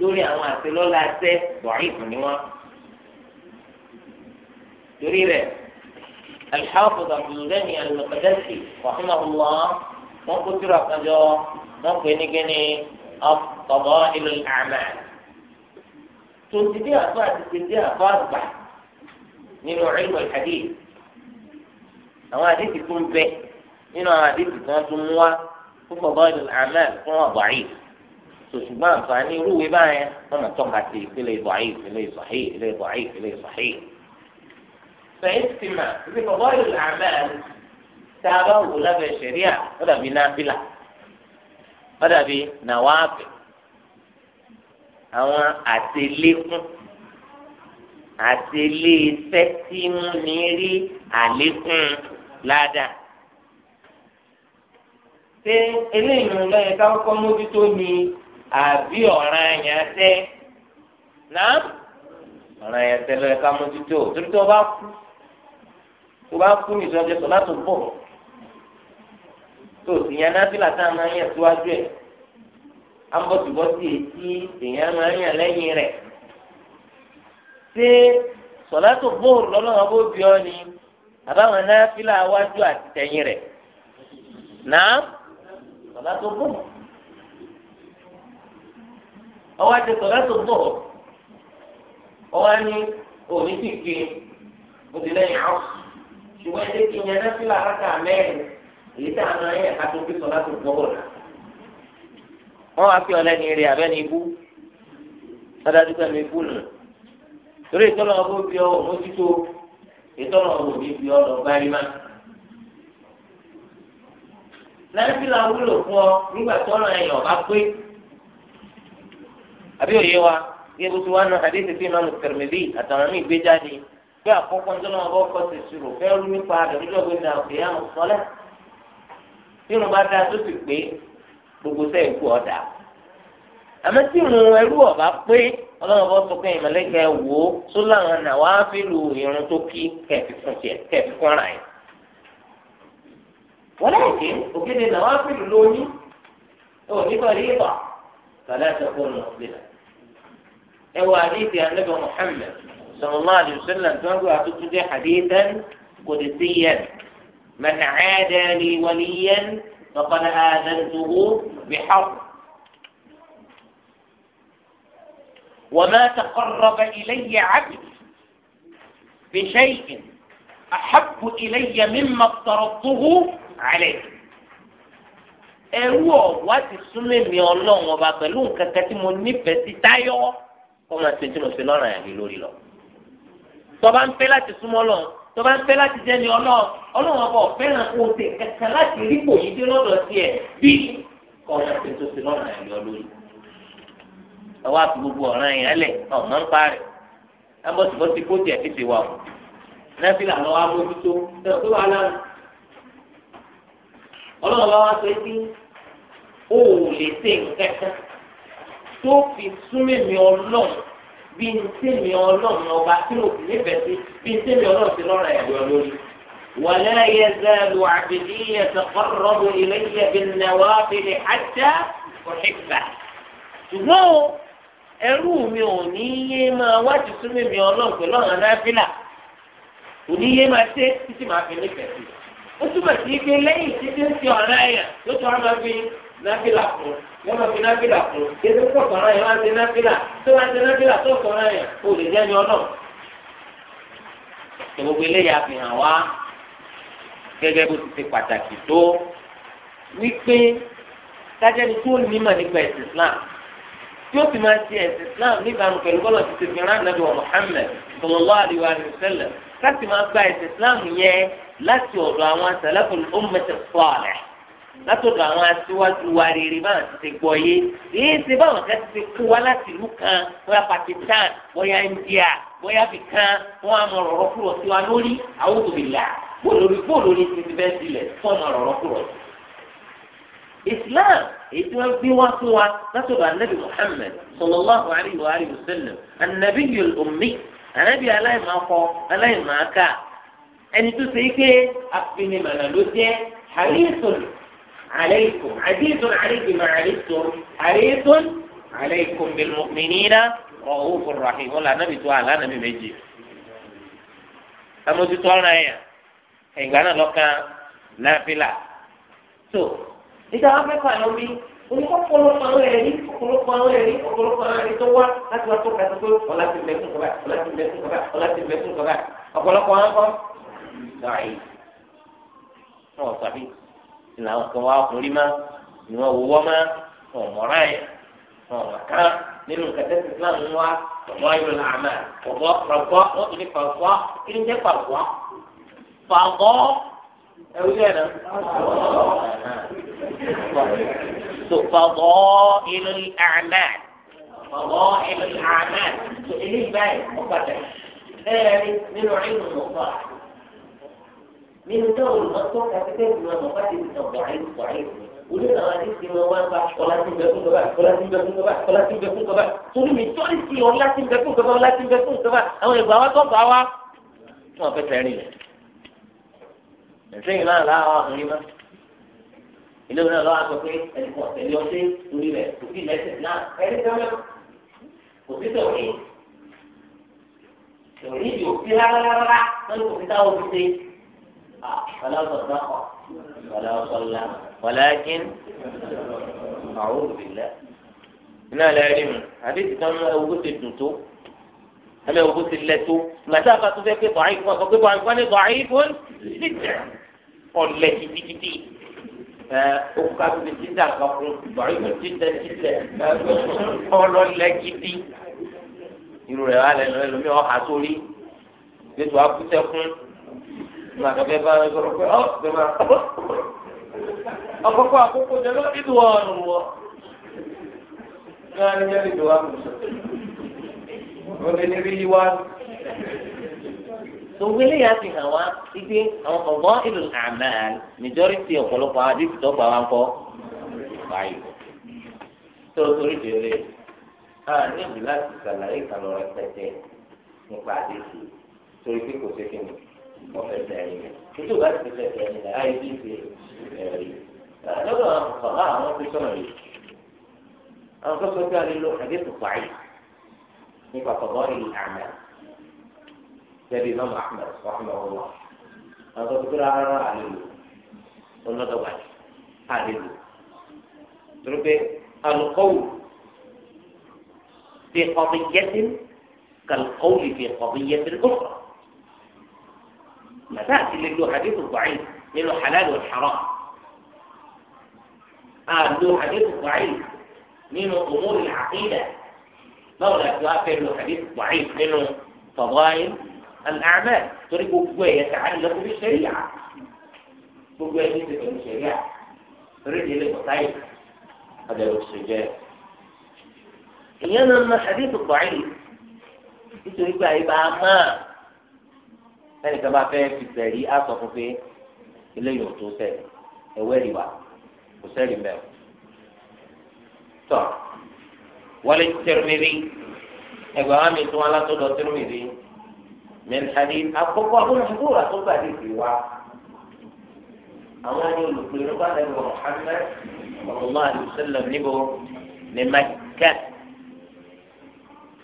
lórí àwọn àtìlọ́lá sẹ́ bọ̀rí fún ni wọ́n. torí rẹ̀ الحافظ عبد الغني المقدسي رحمه الله wọ́n kó tíra kan jọ wọ́n pè ní kíni الفضائل الأعمال tó ti àfa àti ti àfa àgbà nínú ilmu al àwọn àdìsí tó ń bẹ nínú àwọn àdìsí tó ń tún mú wá fún fọbọ́ọ̀dù amẹ́l fún ọ̀bọ̀ayì sòṣùgbọ́n àǹfààní irúwé báyẹn wọ́n mọ̀ tọ́ka sí ìpele ìbọ̀ayì ìpele ìbọ̀ayì ìpele ìbọ̀ayì ìpele ìbọ̀ayì. fẹ̀yìntìmà ibi fọbọ́ọ̀dù amẹ́l tá a bá wò lábẹ́ ṣẹ̀ríà ó ní rí àlékún ládàá ṣé eléyìí ló yẹ ká kọ́kọ́ mójútó ni àbí ọ̀ràn àyàn tẹ́ náà ọ̀ràn àyàn tẹ́ ló yẹ ká mójútó torí tí wọ́n bá kú tó bá kú ní ìsọjọ́ sọ láti bọ̀ tó sì yẹn náfìlà tá a máa yàn síwájú ẹ̀ á ń bọ̀ sí etí èèyàn máa yàn lẹ́yìn rẹ̀ ṣé sọ̀lá tó lọ́lọ́run bó bí ni àbáwọn náfìlà wájú àti tẹ̀yìn rẹ̀ náà sọlá tó bọ̀ ọwọ́ àti sọlá tó bọ̀ ọwọ́ á ní òní sì ké òdì lẹ́yìn àwọn ṣùgbọ́n ẹ̀jẹ̀ kì í yan náfìlà rákà mẹ́rin èyí tí àwọn ẹ̀yẹ ká tó fi sọlá tó bọ̀ ọ̀la wọ́n wá fi ọ̀lẹ́ni rè abẹ́ni ibú sọdá dúpẹ́ mi bú nù torí ìtọ́lọ́wọ́ bó fi ọ òmójútó ìtọ́nà òun ní fi ọ̀nà gbárímà. nàìjíríà wúlò fún ọ nígbà tọ́nà ẹ̀yàn bá pé àbí òye wa yẹ bó ti wá náà àdé tètè máa mú tẹ̀rẹ̀mẹ́lì àtàwọn míì gbé jáde pé àkọ́kọ́ ńjọ́nà ọba ọkọ̀ ti sùrù fẹ́ rú nípa àdàlúdọ̀ gbé ní àwòrán yà mú sọ́lẹ̀ nínú bá dáa tó sì pé gbogbo sẹ́yìn kú ọ̀dà. àmọ́ tí mo ẹrú ọ̀bá pé ọlọ́run bọ́ tó sọ pé ìmọ̀lẹ́kẹ́ wò ó tó láwọn náà wàá fi lu irun tó kí kẹ̀fì fún tiẹ̀ kẹ̀fì fún ara yẹn. wọ́n láì dé ògidì náà wàá fi lu lóyún ó nípa rí ìbà tàlẹ́ àtẹ̀kọ́ ọ̀nà ẹ wọ àdéhìí anábì Muhammad sallallahu alaihi wasallam tó ń gbé àtúntò jẹ́ hadithan qudsiyan man aada li waliyan faqad aadantuhu bihaqq وما تقرب إلي عبد بشيء أحب إلي مما افترضته عليه ẹrú ọ̀wá ti súnmọ́ mi ọba pẹ̀lú nǹkan kan tí mo nífẹ̀ẹ́ sí táyọ̀ kọ́ máa ṣe tí mo ṣe lọ́rùn àyàlè lórí lọ. tọ́ba ń fẹ́ láti súnmọ́ ọlọ́run tọ́ba ń fẹ́ láti jẹ́ ni ọlọ́run ọlọ́run ọba ọ̀fẹ́ràn kò tẹ̀ láti rí kò dé lọ́dọ̀ sí ẹ̀ bí kọ́ máa ṣe tó ṣe lọ́rùn àyàlè lórí ẹ wá fi gbogbo ọ̀ràn yẹn lẹ̀ ọ̀mọ́ ń parẹ́ ẹ bọ́ sí bọ́ sí kó tiẹ̀ fi ṣe wà o nẹ́fìlà lọ́wọ́ amójútó tẹ̀ tó wà náà ọlọ́run bá wá sọ pé o ò lè ṣe nǹkan kan tó fi súnmẹ́mi ọlọ́run bí n tẹ́mi ọlọ́run ọba tí mo sì nífẹ̀ẹ́ sí bí n tẹ́mi ọlọ́run ti lọ́ra ẹ̀yọ lórí. ولا يزال عبدي يتقرب إلي بالنوافل حتى أحبه. ṣùgbọ́n ẹrú mi ò ní yé máa mi ọlọ́run pẹ̀lú àwọn anáfílà kò ní yé máa ṣe títí fi nífẹ̀ẹ́ sí ó túbọ̀ sí pé lẹ́yìn tí ń fi ọ̀rá ẹ̀yà yóò tún á máa fi náfílà kún yóò máa fi náfílà kún kéde pọ̀ sọ̀rọ̀ yẹn máa ń ṣe náfílà tó máa ṣe tó sọ̀rọ̀ kò lè jẹ́ ní ọlọ́run gbogbo eléyà fi hàn wá gẹ́gẹ́ bó ti ṣe pàtàkì tó wípé tí ó sì máa ṣe ẹ̀sìn islam níbàámu pẹ̀lú bọ́lọ̀ ti ṣe fìràn nàbí wa muhammed sallallahu alayhi wa sallam láti máa gba ẹ̀sìn islam yẹn láti ọ̀dọ̀ àwọn asàlẹ́kùn ọmọọmọọmọ sọ̀rọ̀ láti ọ̀dọ̀ àwọn aṣíwájú wa rere bá wọn ti ṣe gbọ́ yé èyí ṣe báwọn ká ti ṣe kú wa láti ìlú kan bóyá pakistan bóyá india bóyá bìkan wọn àmọ̀ ọ̀rọ̀ kúrò sí wa lórí àwọn òbí là bóòlù ní ti ti bẹ́ẹ̀ sílẹ̀ fún ọ̀rọ̀ kúrò sí islam ètò ẹgbẹ́ wá fún wa látọ̀dọ̀ anabi muhammed sallallahu alayhi wa alayhi wa sallam anabi yul ummi anabi aláìmọ̀kọ aláìmọ̀ọ́kà ẹni tó ṣe ike afinimọ̀nà ló jẹ́ àríyésọ̀n àlẹ́kùn àdíyésọ̀n àlẹ́kùn àríyésọ̀n àríyésọ̀n àlẹ́kùn bẹ̀rùmìnira ọ̀hún rahim ọ̀là anabi tó àlà anabi méjì amójútó ọ̀ràn ẹ̀yà ìgbà náà lọ́kàn náà fi là tó níta wọn fẹ́ pàdé omi oníkọ́pọ̀lọpọ̀ àwọn ẹ̀rí ọ̀pọ̀lọpọ̀ àwọn ẹ̀rí ọ̀pọ̀lọpọ̀ àwọn ẹ̀rí tó wá láti wá tó kàtó pé ọ̀la ti mẹ́kún kọ́bá ọ̀la ti mẹ́kún kọ́bá ọ̀la ti mẹ́kún kọ́bá ọ̀pọ̀lọpọ̀ wọn kọ́ dàí wọn sàbí ìlànà kan wá ọkùnrin má ni wọn wọwọ́ má wọn mọ̀ra yẹ wọn kà nínú kẹtẹ islam wa ọmọ ayọ làmà ọgbọ ọgbọ wọn tún ní fàgbọ kí ni jẹ fàgbọ fàgbọ ẹ̀rú yẹn náà. so fọwọ́ inú àná fọwọ́ inú àná so ilé ìbáyìí ọ̀pọ̀lọpọ̀ ẹ̀ẹ́rì nínú ìlú ọ̀pọ̀ nínú táwọn olùmọ̀tò kàtẹ́kẹ́ ìlú ọ̀pọ̀ ti ń sọ̀rọ̀ àìsàn àìsàn olórí àwọn àti ìsinmi wọn bá ọlá tí ń bẹ fún kaba ọlá tí ń bẹ fún kaba ọlá tí ń bẹ fún kaba torí mi tó ń sin ọlá bẹ fún kaba ọlá bẹ fún kaba àwọn ìgbà wa tó bá wa. wọn fẹsẹ̀ rìn ẹ̀sìn náà láwọn ọkùnrin mọ́ ilé wọn náà lọ́wọ́ aṣọ pé ẹnìkan tẹ̀lé ọtí torí rẹ̀ kò sí lẹ́sẹ̀ náà ẹni tẹ́lẹ̀ kò sí tẹ̀wé tẹ̀wé yìí ò sí rárá lọ́nà kò sí táwọn fi ṣe àfọláṣọ sáfà àfọláṣọ ńlá wàlákin àwọn òbílẹ̀ iná lẹ́rìí mu àdéhùn kan ẹ̀wọ́ ti dùn tó ẹ̀mẹ́wọ́ ti lẹ̀ tó màtí àbátúfẹ́ pé bọ̀ àyíkú wọn sọ pé bọ̀ àyíkú wọn ní bọ̀ àyíkú ọ̀lẹ kìtìkìtì ẹ òkúta tó ti dídà kan fún bàrí kò dídà dídà ọlọlẹ gidi irú rẹ wà lẹ́nu ẹlòmíì ọhà sórí gbèsò akúṣẹ fún nígbà tó bá ẹ sọ̀rọ̀ pé ọ bẹ máa ọkọkọ àkókò tẹ lọ ìdù ọrùn wọ ní alẹ́ jẹ́ ìdù wa ó lé ní rí wá tòwé lè yà fi hàn wá ibi àwọn ọ̀gbọ́n ìlú àmà majority ọ̀pọ̀lọpọ̀ àwọn àdìsí tó gbà wá ń kọ́ báyìí tó torí dèrè a níbi láti sàlàyé ìkànnì rẹpẹtẹ nípa àdìsí torí pé kò ṣe kíni ọ̀fẹ́ tẹ̀lé títí bá ti fẹ́ tẹ̀lé náà ayé bí ṣe ẹ̀rí lọ́dọ̀ àwọn bàbá àwọn tó sọ̀rọ̀ yìí àwọn tó sọ pé a lè lo àdìsí pààyè nípa ọ̀gbọ́n ìlú àmà. الإمام أحمد رحمه الله هذا بكرة أنا أعلمه قلنا طبعا أعلمه تربي القول في قضية كالقول في قضية أخرى ما تأتي لله حديث ضعيف منه حلال والحرام آه له حديث ضعيف منه أمور العقيدة لولا تؤثر له حديث ضعيف منه فضائل الأعمال تريد بقوية يتعلق بالشريعة بقوية يتعلق بالشريعة طريق للمطايف هذا هو السجاد أن حديث الضعيف يتعلق بها يبقى ما يعني كما فيه في السريعة صفو فيه اللي يغطو سالي أولي واحد وسالي ماهو طب وللترمذي أبو عامل طوالة الترمذي من حديث أقوى من حضور أقوى حديث هو أمان لقربان محمد صلى الله عليه وسلم نبو لمكة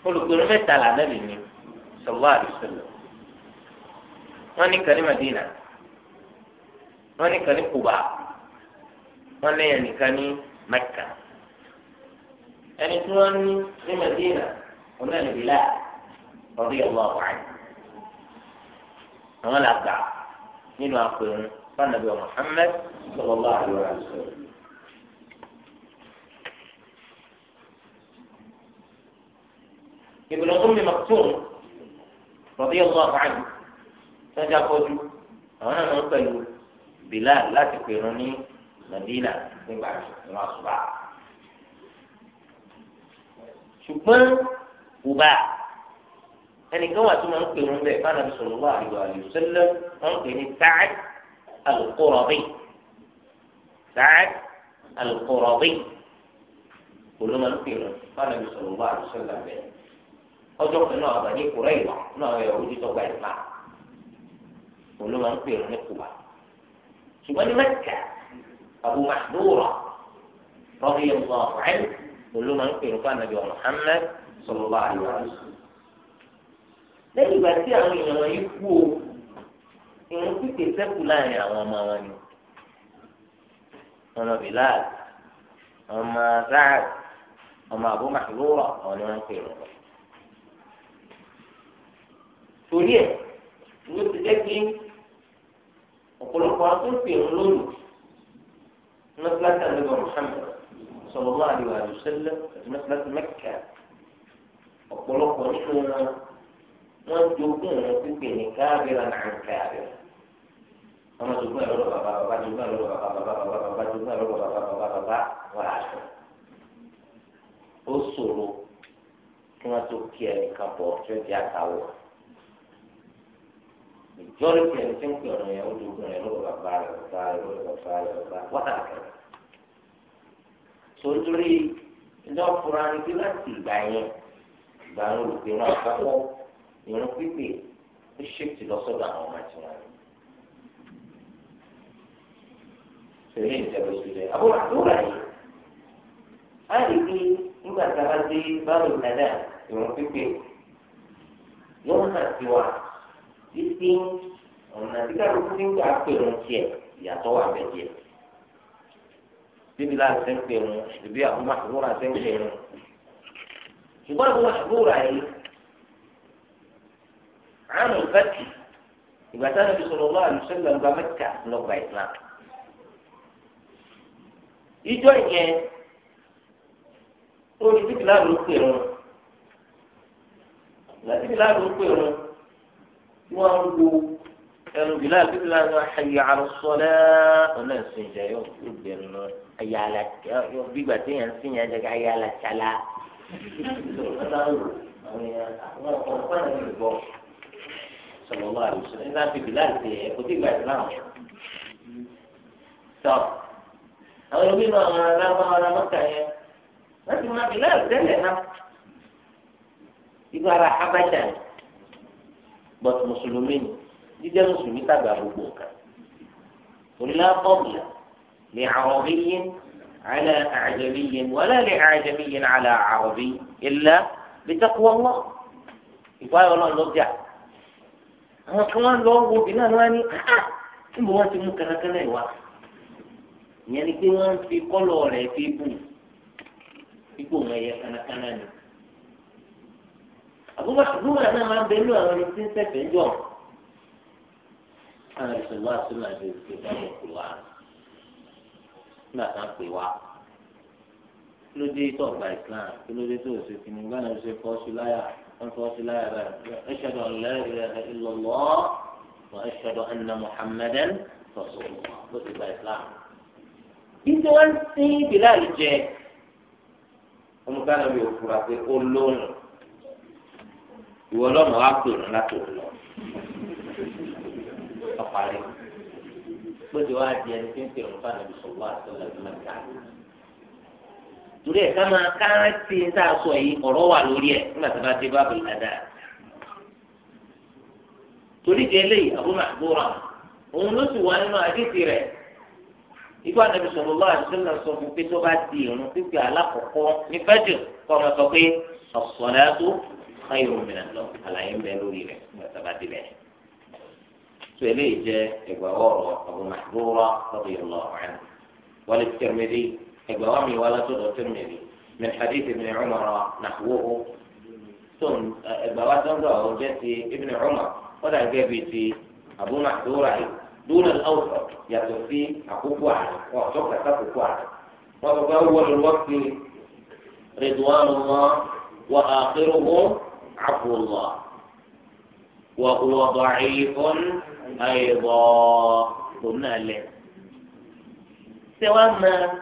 كل قربت على نبي صلى الله عليه وسلم وني كريم مدينة وني كريم قباء وني يعني كريم مكة يعني كريم مدينة ونبي الله رضي الله عنه àwọn là gbà nínú àpèrún fanabi Muhammad sallallahu alaihi wasallam. Ibn Umm Maktum radiyallahu anhu sọ́jà kọjú àwọn náà wọ́n pẹ̀lú Bilal láti pèrún ní Madina nígbà tí wọ́n sùn bá. ṣùgbọ́n Uba. ẹni kan wà tó máa ń pè wọn bẹ́ẹ̀ fáwọn sọlọ wà àyọ̀ àyọ̀ sẹ́lẹ̀ wọ́n pè ní Sa'ad alukọrọbì Sa'ad alukọrọbì qurabi olú máa ń pè wọn fáwọn sọlọ wà àyọ̀ sẹ́lẹ̀ bẹ́ẹ̀ ọjọ́ kan náà wà ní kúrẹ́ ìwà náà wà ẹ̀ ojútọ́ gba ìfà olú máa ń pè wọn ní Kuba ṣùgbọ́n ní Mẹ́kà Abu Mahdura radiyallahu anhu olú máa ń pè wọn fáwọn àbísọ̀rọ̀ Muhammad sallallahu alaihi wasallam lẹ́yìn ìgbà tí àwọn èèyàn wọn yìí kú o ìrún pípé sẹ́kù láàrin àwọn ọmọ wọn ni ọmọ Bilal ọmọ Sa'ad ọmọ Abu Mahdura àwọn ni wọ́n ń pè rọ̀ torí ẹ̀ ló ti jẹ́ kí ọ̀pọ̀lọpọ̀ àwọn tó ń pè ń lónìí mẹ́tíláṣí àlejò Muhammad sallallahu alaihi wa àti mẹ́tíláṣí Mẹ́kà ọ̀pọ̀lọpọ̀ nínú wọn wọ́n jogún ẹ̀rọ pípé ní káàbíra náà káàbíra ọmọ jogún ẹ̀rọ bàbá bàbá jogún ẹ̀rọ bàbá bàbá bàbá bàbá jogún ẹ̀rọ bàbá bàbá bàbá wà á sọ. ó ṣòro kí wọ́n tó kí ẹnìkan bọ̀ tí ó di àtàwọ̀ ìjọ́rìí tí ẹni tí ń pè ọ̀nà yẹn ó jogún ẹ̀rọ bàbá rẹ̀ bàbá rẹ̀ bàbá rẹ̀ bàbá wàhálà kẹrẹ. sórí ìjọ fúra ní kí láti ìgbà yẹn ìgbà yẹn olùkí ìrún pípé ó ṣèkì lọ́sọ̀dọ̀ àwọn ọmọ àti wọn. sèlè ìjẹ́bù sílẹ̀ àbúrò àdúrà yìí á lè gbé nígbà tá a bá dé báwo nàdà ìrún pípé yóò hàn sí wa títí ọ̀nà tí káàkiri ti ń gbà pé òun tiẹ̀ ìyàtọ̀ wà díẹ̀ bíbí láti ṣe ń pè wọn ń pè wọn yìí. àánú fẹ́tì ìgbà táwọn ibi sọ̀rọ̀ lọ́wọ́ àlùsọ́lẹ̀ ọgbà mẹ́ta lọ́gbà ìsìlám. ìjọ ìyẹn ó ní títí láàrú pè wọn láti láàrú pè wọn tí wọ́n ń wo ẹnu bìlá títí láàrú ayé àrùsọ̀lẹ̀ ọ̀nà ìsìn ìjà yóò gbé nù ayé alájà yóò bí ìgbà tí yẹn ń sìn yẹn jẹ́ ayé alájà la sọlọ́lá àdùsùn nígbà tí bìláì ti ẹ̀ kò tí ìgbà ìsìlámù. tọ́ àwọn ẹbí náà wọn alábáwọn alámọ́kà yẹn wọ́n ti máa bìláì tẹ́lẹ̀ náà ìgbà ara abájà ni bọ́t mùsùlùmí ni jíjẹ́ mùsùlùmí tàgbà gbogbo nǹkan. orílẹ̀ ọ̀bùnà lè àwọn ọ̀bí yín على أعجمي ولا لأعجمي على عربي إلا بتقوى الله. يقول الله نرجع àwọn kan wá lọ wo obìnrin náà ah, ah, wá ní níbo wọ́n ti mú kẹlẹkẹlẹ wá ìyẹn ni pé wọ́n fi kọ́lọ̀ rẹ̀ fi bù ipò wọn ẹ̀yẹ kánákáná ni àbúrò àdúrà náà máa ń bẹ lú àwọn ẹni tí ń sẹ̀fẹ̀ jọ àwọn ìṣòwò àtúnlá ti ti dáhùn pè wá nígbà tá a pè wá kí ló dé tó ọgbà Islam kí ló dé tó òṣèlú kìnnìkan náà ṣe fọ́ ṣùláyà. خمس لا يا أشهد أن لا إله إلا الله وأشهد أن محمدا رسول الله بس الإسلام أنت وأنت بلال جاي ومكان يوفر في كلون ولم أقل لا تقول أقارب بس واحد يعني كنت يوم كان بسم الله صلى الله عليه وسلم torí ẹ̀ ká máa ká ti ń tà sọ yìí ọ̀rọ̀ wà lórí ẹ̀ nígbà tí wọ́n ti bá bẹ̀rẹ̀ dáadáa. torí di eléyìí Abu Mahdura òun ló sì wà nínú àdìsí rẹ̀ ìgbà Nabi sallallahu alaihi wasallam sọ fún pé tó bá di ìrun pípé alákọ̀ọ́kọ́ ní fẹ́jù kọ́ ọmọ sọ pé as-salatu khayrun minan nawm àlàyé ń bẹ lórí rẹ̀ nígbà tí wọ́n bá ti bẹ̀rẹ̀. سؤالي جاء إبواره أبو محذورة رضي الله عنه إقوامي ولا تدر ترمذي من حديث ابن عمر نحوه ثم إقوامي تنظر جاتي ابن عمر ولا جابتي أبو محذور دون الأوسط يتوفي أخوك واحد وأخوك أخوك واحد وأول الوقت رضوان الله وآخره عفو الله وهو ضعيف أيضا قلنا له سواء ما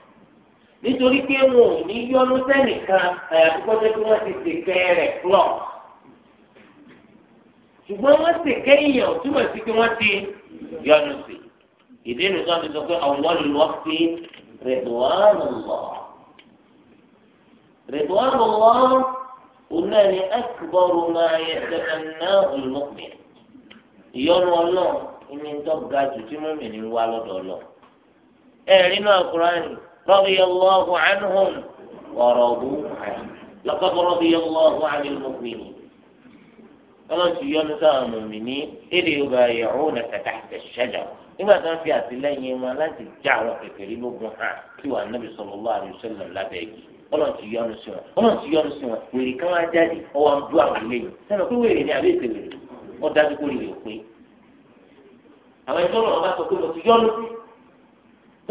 nítorí pé wọn ò ní yọnu sẹ́nìkan àyàfi kọ́jọ́ tí wọ́n ti ṣèkẹ́ rẹ̀ lọ. ṣùgbọ́n wọ́n ṣèkẹ́ èèyàn ò túmọ̀ sí pé wọ́n ti yọnu sí. ìdí nu sọ́ọ́ ti sọ pé ọ̀wọ́n lù wọ́n fi rẹ̀dùwárùn-ún rẹ̀dùwárùn-ún ọ̀nà ni akbaru máa yẹ tẹ̀lẹ́nà ìmọ̀mí. ìyọnu ọlọ́run ìní tó tí mọ́mí wà lọ́dọ̀ ọlọ́run. ẹ̀rí náà kúránì رضي الله عنهم ورضوا عنه لقد رضي الله عن المؤمنين ọlọ́run ti yọ́nú sáwọn mòmìnì èdè yorùbá ẹ̀yọ̀rún ọ̀nà kàtà àtẹ̀ṣẹ́jà nígbà tí wọ́n fi àtìlẹ́yìn wọn láti já àwọn kékeré lógun hàn kí wọ́n anábì sallallahu alaihi wasallam lábẹ́ ẹ̀gì ọlọ́run ti yọ́nú sí wọn ọlọ́run ti yọ́nú sí wọn wèrè kan wá jáde ọwọ́ ń dú àwọn eléyìí sẹ́nu pé wèrè ni àbẹ́ ìtẹ̀wèrè wọ́n dájú kó lè pé àwọn ẹ̀ṣọ́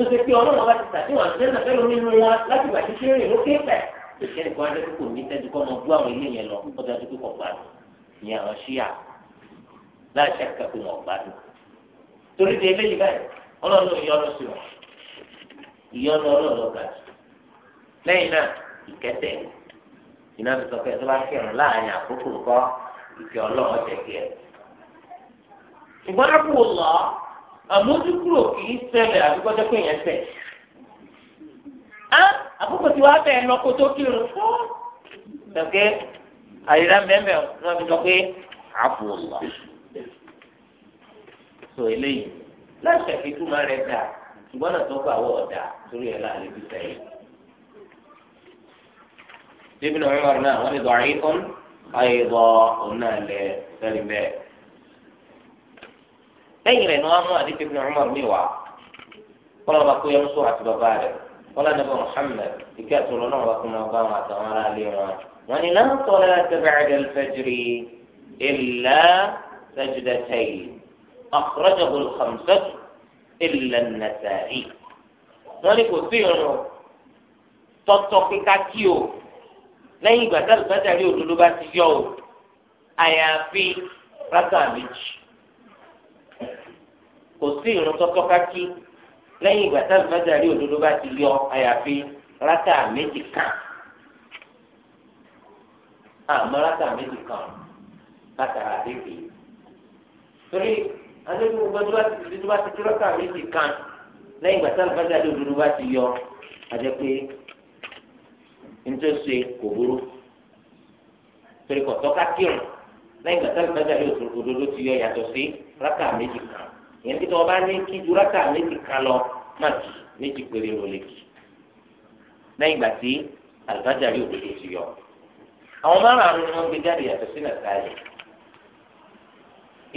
tó ṣe pé ọlọ́run bá ti sàdéhùn àtẹ́nà fẹ́lú nínú wọn láti gbà tí kéré lókè pẹ̀ tó ṣe nìkan adé kò ní tẹ́jú kọ́ ọmọ bú àwọn ilé yẹn lọ ó dájú pé kọ̀ gbádùn ní àwọn ṣíà láì ṣe àkàkọ́ wọn gbádùn torí de eléyìí báyìí ọlọ́run ìyọnu sí wọn ìyọnu ọlọ́run ọ̀gá lẹ́yìn náà ìkẹ́tẹ̀ iná fi sọ pé tó bá kẹrùn láàrin àkókò kọ́ ìkẹ́ ọlọ́run ọ̀tẹ̀ kẹ́ ṣùgbọ́n àmójúkúrò kì í ṣẹlẹ̀ àdúgbọ́jọ́ pé yẹn ṣẹ̀. àkókò tí wàá bẹ̀rẹ̀ lọ kó tó kírun fún. ṣèké àyíká mẹ́mẹ́ náà fi sọ pé àpò ọ̀la. sọ eléyìí láṣẹ fi túmọ̀ rẹ̀ dà ṣùgbọ́n náà tó gbà wọ ọ̀dà torí ẹ̀ láàrin bí sẹ́yìn. Ibn Umar náà wọ́n ní dọ̀rí kún ayé bọ̀ ọ̀nà lẹ̀ sẹ́yìn bẹ́ẹ̀ lẹ́yìn rẹ̀ ni wọ́n mú àdìsí ibn Umar mi wá kọ́lọ́ bá kó yẹn sọ àti bàbá rẹ̀ kọ́lá nàbẹ́ Muhammad ìkẹ́ àtúrọ̀ náà wà kún ọgbà wọn àtàwọn ará ilé wọn. wọ́n ní lẹ́nu sọ̀rọ̀ láti bàdé fẹ́jìrì ìlà sẹ́jìdẹ́tẹ̀yì àkùrọ̀jọ̀bù kàmsọ́tù ìlà nàtàrí. wọ́n ní kò sí irun tọ́tọ́ kíká kí o lẹ́yìn ìgbà tá rí òdodo bá ti yọ o àyàfi rákà méjì kò sí ìrun tọ́tọ́ ká kí lẹ́yìn ìgbà tá àlùfáàjà rí òdodo bá ti yọ àyàfi rákà méjì kan àmọ́ rákà méjì kan látara àdébì torí adébìnrin gbọ́dọ̀ bá ti dúdú bá ti dúró rákà méjì kan lẹ́yìn ìgbà tá àlùfáàjà rí òdodo bá ti yọ àjẹpé ntòsí kò burú torí kò tọ́ka kírun lẹ́yìn ìgbà tá àlùfáàjà rí òdodo ti yọ yàtọ̀ sí rákà méjì kan yẹn tí wọn bá ní kí jurata méjì kan lọ máa kì méjì péré ló lè kì lẹ́yìn ìgbà tí àlùfáàjà yóò dodo ti yọ àwọn márùn-ún ni wọ́n gbé jáde yàtọ̀ sí nàìjíríà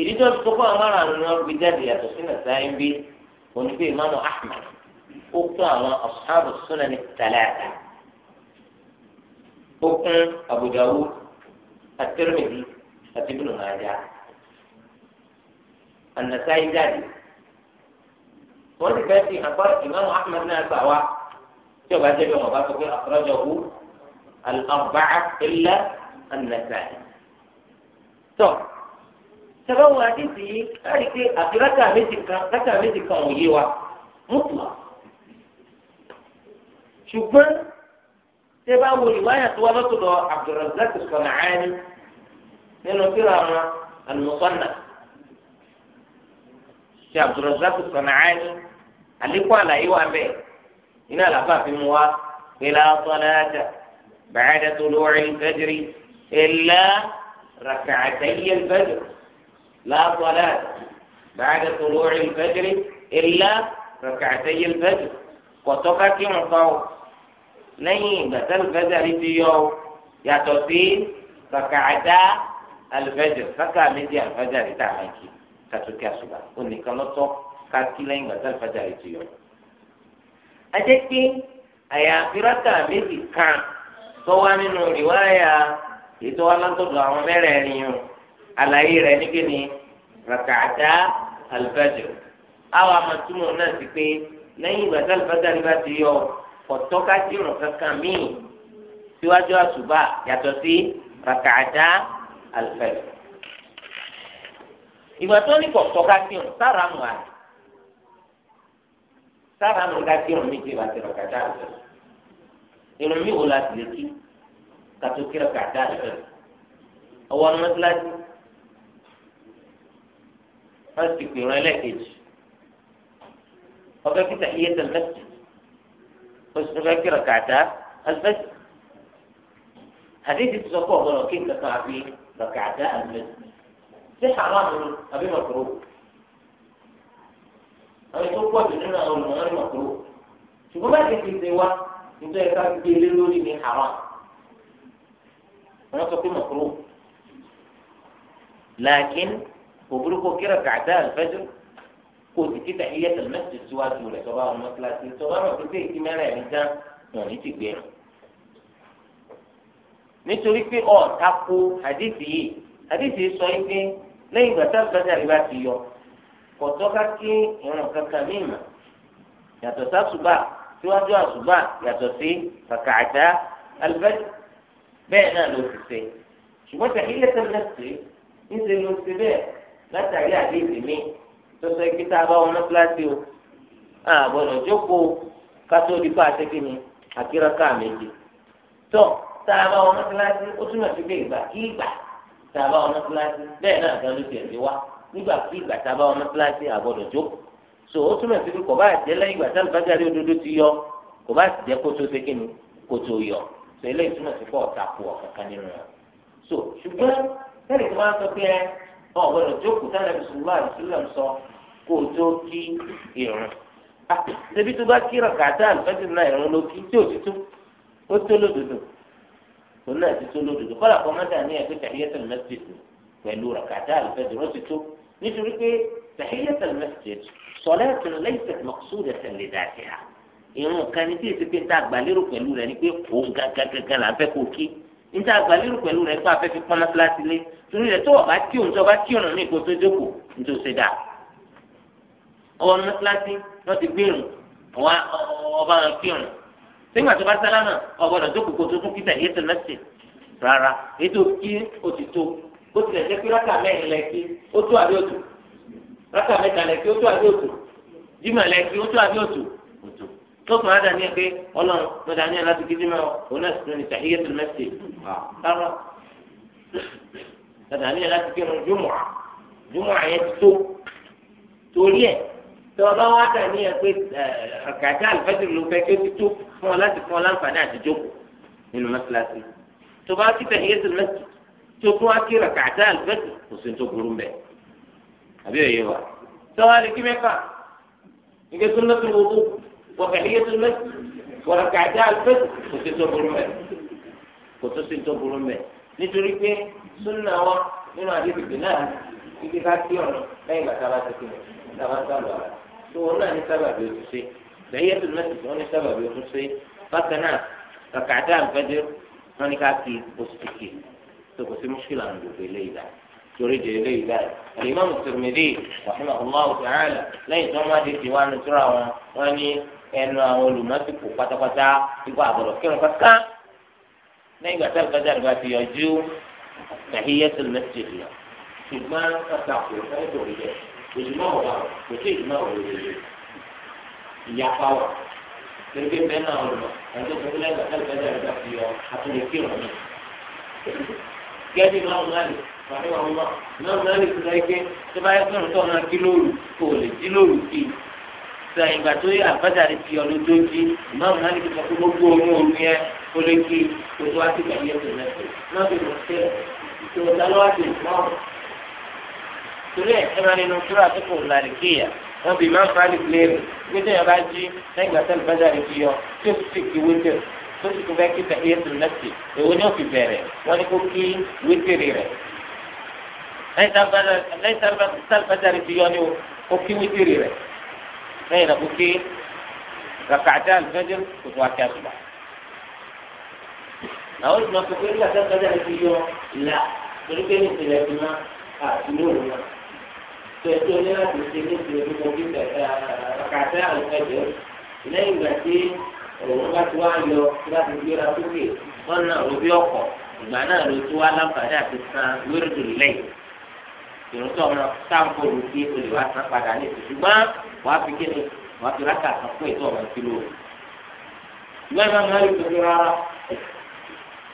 ìdíjọ́ tó kọ́ àwọn márùn-ún ni wọ́n gbé jáde yàtọ̀ sí nàìjíríà ń bí onígbé imáàmù ahmed ó kún àwọn ashabu sunan ní tàlàtà ó kún abu dawud at àti ibn majah. النسائي ذاتي ولكن في أخبار إمام أحمد نافع وجب أن يكون مباشر أخرجه الأربعة إلا النسائي تو سبوا هذه هذه أخرتها مزكة أخرتها مزكة مهيوة مطلق شوفوا سبوا رواية طوالة عبد الرزاق الصنعاني لأنه ترى المصنف ṣe Abdulrazak Sana'ani àlékún àlàyé wa bẹ́ẹ̀ iná làbá fi mu wa gbéra sọ́láàdà ba'da tulu'il fajri illa rak'atay al-fajr la salata ba'da tulu'il fajri illa rak'atay al-fajr kọ̀tọ́ká kí n fa lẹ́yìn ìgbà tí al-fajr ti al ti yo o yàtọ̀ sí rak'ata al-fajr rákà meji di al-fajr tá a kí i. kàtúkì àṣùbà onìkan lọ́tọ́ káàkiri lẹ́yìn gbàtà ìfàjà ètò yọ. ajẹ́ pé àyàfi rákà méjì kan tó wá nínú ìwáyà ètò alátọ́dọ̀ àwọn mẹ́rẹ̀ẹ̀rin yìí àlàyé rẹ̀ ní kíni ràkàtà àlùfáàjò àwọn amọ̀túmọ̀ náà ti pé lẹ́yìn ìgbàtà ìfàjà ìfàjà ti yọ ọ̀tọ́ káàkiri kankan míì síwájú àṣùbà yàtọ̀ sí ràkàtà àlùfáàjò ìgbà tó ní kọ̀ọ̀tọ̀ ká kírun sára nù àná sára nù ká kírun méjì bá tẹ̀lé kàdá àlùfẹ́ irun mi wò láti lè kí kàtó kírun kàdá àlùfẹ́ ọwọ́ ní mọ́tíláṣí wọ́n ti pè wọn ẹlẹ́ẹ̀kejì ọbẹ̀ kíta iye tẹ̀lé mẹ́tì oṣù tó fẹ́ kírun kàdá àlùfẹ́ àdéhìí ti sọ pé ọ̀gbọ́n kí nǹkan kan àfi kàdá àlùfẹ́ ṣé haram ni àbí mọ̀tòrò àwọn ètò pọ̀ jù nínú àwọn olùmọ̀ràn ní mọ̀tòrò ṣùgbọ́n bá kìí ṣe wa nítorí ká gbé lé lórí ní haram wọ́n sọ pé mọ̀tòrò làákín kò burúkú kíra kàdá àlùfẹ́jọ́ kò sì kí tàyíyẹ tẹ̀lẹ́tì síwájú rẹ̀ tọ́ba ọmọ kíláàsì tọ́ba ọmọ kíláàsì èyí mẹ́rẹ̀ já wọn ní ti gbé rẹ̀ e. nítorí pé ọ̀ tako hadithi yìí hadithi yìí sọ yìí pé lẹ́yìn ìgbà tá àlùfáàjà rí bá ti yọ kò tọ́ka kí ìrun kankan ní ìmọ̀ yàtọ̀ sásùbà síwájú àsùbà yàtọ̀ sí kàkàtà àlùfáàjà bẹ́ẹ̀ náà ló ti ṣe ṣùgbọ́n tẹ̀kílẹ̀ tẹ̀lẹ̀ ṣe ń ṣe ló ti bẹ́ẹ̀ látàrí àdéhùn mi tó sọ ibi tá a bá wọn kíláàsì o àbọ̀dọ̀ jókòó kátó di pa àtẹ́kí mi àkírọ́ká méje tó tá a bá wọn kíláàsì ó túnmọ̀ sí pé ìgbà kí ìgbà tàbá ọmọ kíláàsì bẹ́ẹ̀ náà gan ló tiẹ̀ ti wá nígbà tí ìgbà tàbá ọmọ kíláàsì àgbọ̀dọ̀ jó so ó túmọ̀ sí pé kò bá jẹ́ lẹ́yìn ìgbà táwọn ìbájá rí òdodo ti yọ kò bá jẹ́ kó tó ṣe kí ni kó tó yọ so eléyìí túmọ̀ sí pé ọ̀tà kù ọ̀kankan nínú rẹ̀ so ṣùgbọ́n tẹ́lẹ̀ tó máa ń sọ pé ẹ ọ̀gbọ̀dọ̀ jókòó tálẹ̀ bisimilá bisimilá sọ kó o tó kí ìrun ah, ṣebí tó bá kí rọ̀kàtà àlùfẹ́sìn náà ìrun tu tu òun náà ti tó lódodo kọ́lá kọ́mọ́dà ní ẹgbẹ́ tahiyatul masjid pẹ̀lú rakata al-fajr ti tó nítorí pé tahiyatul masjid salatun laysat maqsudatan li dhatiha irun kan ní tí èsì pé níta àgbàlérò pẹ̀lú rẹ̀ ni pé kò gángangangan là ń fẹ́ kó kí níta àgbàlérò pẹ̀lú rẹ̀ pé afẹ́fẹ́ pọ́nlá síláṣí lé torí rẹ̀ tó ọ̀bá tí òun tó ọba tí ọ̀nà ní ipò tó jókòó nítorí ṣe dà ọwọ́ mọ́síláṣí wọ́n ti gbé irun ọba kírun nígbà tó bá sálámà ọ̀gbọ́dọ̀ tó kókó tó tún kí tẹ̀lé tó lẹ́sìn rárá ètò kí o ti tó bó tilẹ̀ jẹ́ pé rákà mẹ́rin lẹ kí ó tó àbí òtò rákà mẹ́ta lẹ kí ó tó àbí òtò jimá lẹ kí ó tó àbí òtò òtò tó kàn á dà ní ẹgbẹ́ ọlọ́run tó dà ní aláti kí jimá òun náà sì tún ní tẹ̀lé tó lẹ́sìn rárá tó dà ní aláti kí jùmọ̀ jùmọ̀ àyẹ̀ tó torí ẹ̀ tó ọba wa dà ní ẹgbẹ́ àkàtà àlùfẹ́tì ló fẹ́ kí ó ti tó fún ọ láti fún ọ láǹfààní àtijọ́kù nínú mẹ́sàlásì tó bá kí tẹ̀yẹ́ sí mẹ́sì tó tún wá kí àkàtà àlùfẹ́tì kò sí tó burú mbẹ́ àbí òye wa tó wá lè kí mẹ́fà ìgbé tó lọ́tò wọ́pọ̀ wọ́n kẹ̀lẹ́yẹ́ sí mẹ́sì kò sí tó burú mbẹ́ kò tó sí tó burú mbẹ́ nítorí pé súnà wa nínú àdébìbì náà kíkẹ́ ká kí ọ̀nà lẹ́yìn bàtà bá ti kí mẹ́sì. والله سبب يخصي بهية المسجد هون سبب يخصي فتنا ركعتا الفجر هون كاتي بوستيكي تقول في مشكلة عنده في ليلة تريد ليلة الإمام الترمذي رحمه الله تعالى لا يسمى دي ديوان ترى واني انا اقول ما تكو فتا فتا يبقى عبر الكلام فتا لا يبقى تل فجر بات يجو بهية المسجد ثم تتعطي فتا تريد ìjùmọ̀ wà kò sí ìjùmọ̀ wà lórí ìyapa wà gbẹgbẹ bẹ́ẹ̀ náà lọ ẹni tó fún lẹ́yìn àtàlù bẹ́ẹ̀ dàgbà fi yọ àtúnyẹ kí wọn ní. gẹ́gẹ́ bí wọn náà lè pàdé wọn mọ́ náà náà lè fún ẹgbẹ́ tó bá yẹ fún ọ̀tọ̀ náà kí lóru kò lè dí lóru kí i. sọ ìgbà tó yẹ àbájáde fi ọ lójoojú ìmáàmù náà lè fi sọ pé gbogbo ohun òru kó lè kí kó tó wá sí ìgbà yẹn tó náà torí ẹ̀ ẹ máa nínú sura tó kò lálẹ́ kéèyàn wọn bí máa ń fa nípìnlẹ̀ rẹ̀ nígbà yẹn bá jí lẹ́yìn ìgbà tẹ́lẹ̀ bá jáde fi yọ tí ó sì kí wíńdò tó sì tún fẹ́ kí tẹ̀lé tó lẹ́sì èwo ni ó fi bẹ̀rẹ̀ wọ́n ní kó kí wítìrì rẹ̀ lẹ́yìn tẹ́lẹ̀ jáde fi yọ ni ó kí wítìrì rẹ̀ lẹ́yìn náà kó kí rakata alifajir kò tó akẹ́ àtùbà àwọn olùmọ̀ sọ pé jáde fi yọ là torí pé ní ìpìlẹ̀ fi má àtúnyẹ̀wò náà tẹ̀síọ́ ní láti ṣe ní ti ojú ojú kàtà àlùfẹ́jọ́ lẹ́yìn ìgbà tí òun bá ti wá yọ láti gbéra sókè wọn náà ló bí ọkọ̀ ìgbà náà ló tún wá láǹfààní àti san lórí ìdòlù lẹ́yìn ìrúntọ́ ọmọ sáǹpù ló fi olè wá san padà ní ìsìn ṣùgbọ́n wàá fi kéde wàá fi rákà kan fún ètò ọmọ sí lóru. ìgbà ìmọ̀ máa ń lò tó rárá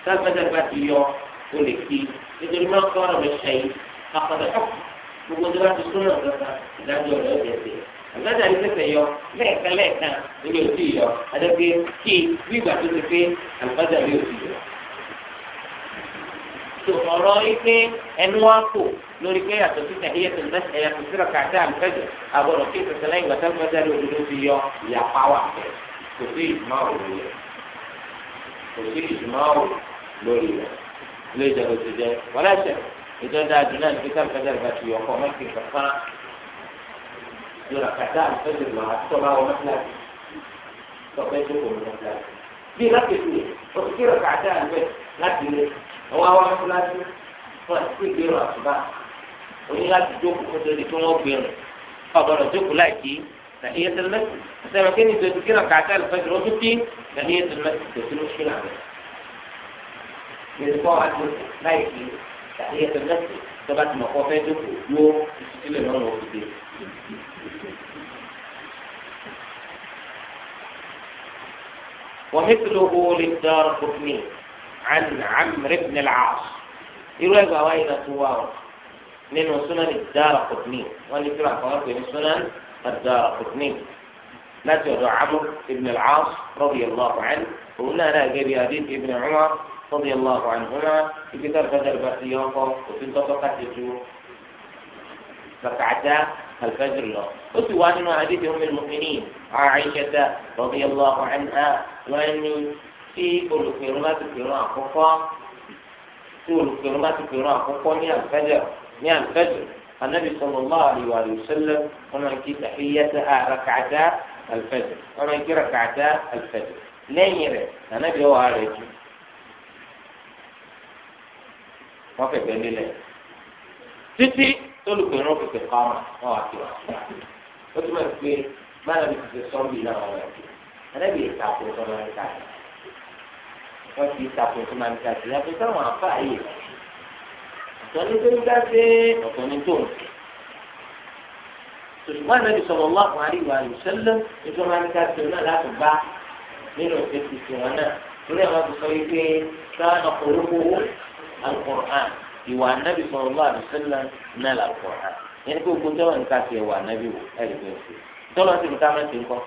sáfẹ́sẹ̀ bá ti yọ olè kí nítorí mọ́kànlá mi ṣẹ́yìn akọ̀dọ̀ ọ̀pọ̀ gbogbo tí wọ́n ti súnmọ́ kankan ìdájọ́ rẹ̀ ó tẹ̀sẹ̀ àgbàdo àdìsẹ́sẹ̀ yọ lẹ́ẹ̀kan lẹ́ẹ̀kan lórí òtí yọ adẹ́gbẹ́ kí wíwà tó ti pé àgbàdo àdìsẹ́ òtí yọ. tó ọ̀rọ̀ ipe ẹnu wa kò lórí pé yàtọ̀ sí tẹ̀yẹ tó lẹ́sẹ̀ ẹ̀yà tó síra kàtà àmì àbọ̀rọ̀ kí tẹ̀sẹ̀ lẹ́yìn gbàtà gbàtà lórí òtí yọ ìyàpá ìjọba àdúrà ní pé káfíńtà ìgbà tó yọ ọkọ mẹ́kì kankan yọrọ kàtà àtúntò lọ àtúntò wọn mẹ́tìláàtì tọ́pẹ́ tó kò mẹ́tìláàtì bí lápẹ̀tì òkú kí yọrọ kàtà àgbẹ̀ láti lé ọwọ́ àwọn mẹ́tìláàtì fún àti ìgbéró àtúbà oní láti jókòó kó tó di kí wọ́n gbèrò ọ̀gbọ́dọ̀ jókòó láìkí تحية المسجد سبب كني تذكر ركعتين الفجر وتبكي تحية المسجد تسلو الشلع يلقوا عدو لا يكفي tó bá ti mọ̀ kọ́ fẹ́ dókòó yóò lọ́rùn òkùnkùn. ومثله للدار قطني عن عمرو بن العاص يروي بوايد تواو من سنن الدار قطني ونكرا فرق من سنن الدار قطني لا عمرو بن العاص رضي الله عنه وقلنا لا يزيد بن ابن عمر رضي الله عنهما في كتاب فجر بسيطة وفي طبقة الجوع فتعدى الفجر له قلت وأن هذه أم المؤمنين عائشة رضي الله عنها وأن في كل كرمات الكرام خفا كل كرمات الكرام خفا من الفجر من الفجر النبي صلى الله عليه وسلم هنا في تحيتها ركعتا الفجر هنا في ركعتا الفجر لا يرى النبي هو هذا الجنة wọ́n fẹ̀gbẹ́ lélẹ̀ títí tólùkùnrin fi fẹ̀ kọ́ ọmọ wọn wá sí wa ó túmọ̀ sí pé báyọ̀ ní ti fi sọ́ọ̀bì náà wọn wá sí ẹlẹ́bí ìta àpòtọ́ máa ń ta wọ́n ti ìta àpòtọ́ máa ń ta sí yàtọ̀ sáwọn àfáà yìí ọ̀tọ̀ ní tó ń dá sí ọ̀tọ̀ ní tó ń sè ṣùgbọ́n ànábì sọ̀rọ̀ wá fún àríwá ìṣẹ́lẹ̀ nítorí wọn ká ṣe náà láti alukur'an ìwà anabi sallallahu alaihi wasallam náà la alukur'an yẹn kó gbogbo tọ́lọ̀ nǹkan ti ẹ̀wà anabi wò ẹ̀rì pé o tọ́lọ̀ ti nǹkan mẹ́tì ńkọ́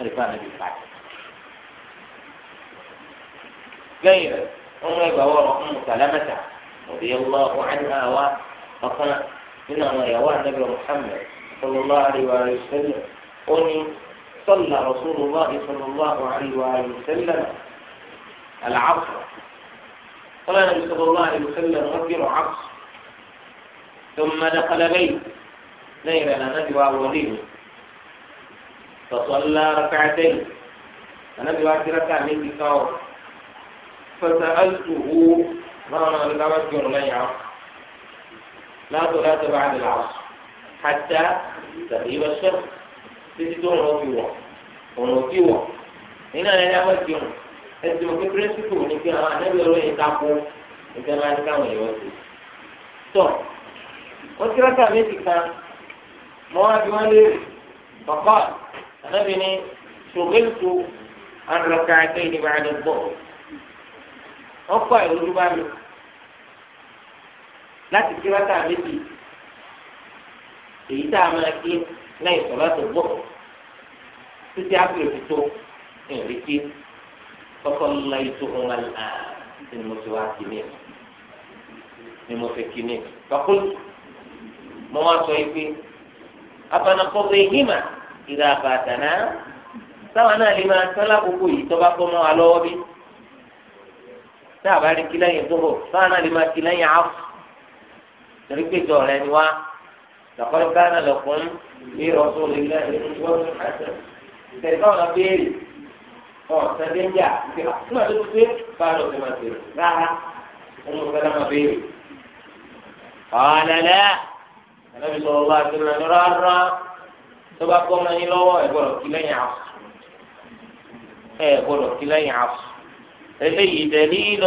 ẹ̀rì pé anabi pàtì. lẹ́yìn rẹ̀ wọ́n mú ẹgbàá wọ́ọ̀rọ̀ fún mùsàlámẹ́ta òbí ẹ̀wọ́ ọ̀hánà wa ọ̀kan nínú àwọn ìyàwó anabi Muhammad sallallahu alaihi wasallam ó ní sọ́lá rasulullah sallallahu alaihi wasallam al-asr قال النبي صلى الله عليه وسلم رجل عبس ثم دخل بيت ليلة نجوى وليه فصلى ركعتين النبي واحد ركع من الكور فسألته مرة لتوجه من عصر لا صلاة بعد العصر حتى تغيب الشمس تجدون وفي وقت هنا لا توجه ẹsùn òfin pírẹsìpù ní fi àwọn anábìyẹwò yìí kápó ìfẹ́ máa ń káwọn èèyàn sí. tọ wọn ti rákà méjì kan mọ wá bí wọn lè bàbá anábì ní ṣògbéǹtù àrùkà àkẹyìn ìbára ní bọ wọn kọ ìrújú bá mi láti ti rákà méjì èyí tá a máa kí lẹ́yìn sọlá tó títí àpèrè tó ń kí. فصليتهما الآن في المتواكمين ni mo fẹ́ kíni fakul mo wá sọ yìí pé afanakọ̀wé hima ìdá àbàdànà táwọn náà lè máa sálá gbogbo yìí tó bá kọ́ mọ́ wa bí tá a bá rí kí lẹ́yìn tó bọ̀ táwọn náà lè máa kí lẹ́yìn àfọ̀ torí pé jọ rẹ ni wá lọ́kọ́ ká náà lọ́kùnrin bí rọ́ṣọ́ lè lẹ́yìn tó bá kọ́ mọ́ wa lọ́wọ́ bí. قال لا النبي صلى الله عليه وسلم نرى الرا تبقوا من يلوى يقول كلاني عفص يقول كلاني عفص فيه دليل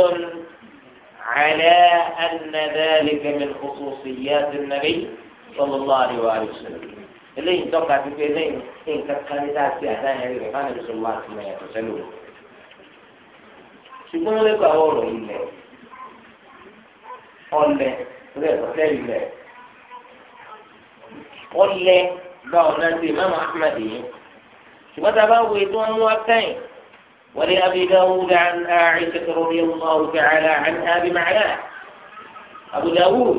على أن ذلك من خصوصيات النبي صلى الله عليه وسلم eléyìí tọ́ka ti pé eléyìí nǹkan kan ní dáàsì àdáyẹn rẹ̀ fáwọn ẹ̀rọ wa ti mọ̀ yàtọ̀ sẹ́lẹ̀ o. ṣùgbọ́n wọ́n lè gba ọ̀rọ̀ ilẹ̀ ọlẹ̀ rẹ̀ ọ̀lẹ́ ilẹ̀ ọlẹ̀ gba ọ̀nà ti mọ́mọ́ ahmed yìí. ṣùgbọ́n tá a bá wo ètò wọn wá kẹ́yìn wọlé abidáwúd àrùn àrùn ìṣẹ̀kẹ̀rọ̀ bí wọn máa wù kẹ́ àrùn àbí màálà àbùdáwúd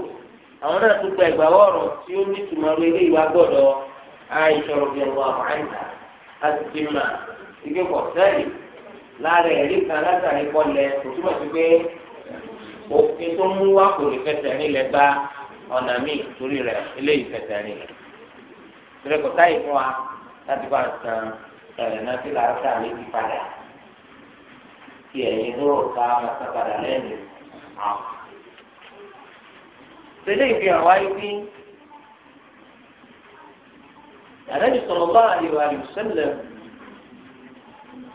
àwọn náà tó gba ìgbà wọ̀rọ̀ tí ó ní tùmọ̀ lórí ilé ìwà gbọ́dọ̀ àìsọ̀rọ̀ bí ẹ̀wọ̀n àwọn àìsà láti fi mà ike pọ̀ sẹ́ẹ̀lì lára ẹ̀rí kan látàrí kọlẹ̀ kò túmọ̀ sí pé òfin tó mú wá kò lè fẹsẹ̀ nílẹ̀ bá ọ̀nà míì torí rẹ̀ eléyìí fẹsẹ̀ nílẹ̀ tẹ̀lẹ́kọ̀ táyì fún wa láti bá san ẹ̀rẹ̀ náà sí làásà méjì padà kí ẹ̀yin lóòótọ́ àwọn sàpadà lẹ́nu àwọn tẹ́lẹ̀ ìfihàn wáyé pé àdáni sọ̀rọ̀ bá àlèwà àlùsẹ́lẹ̀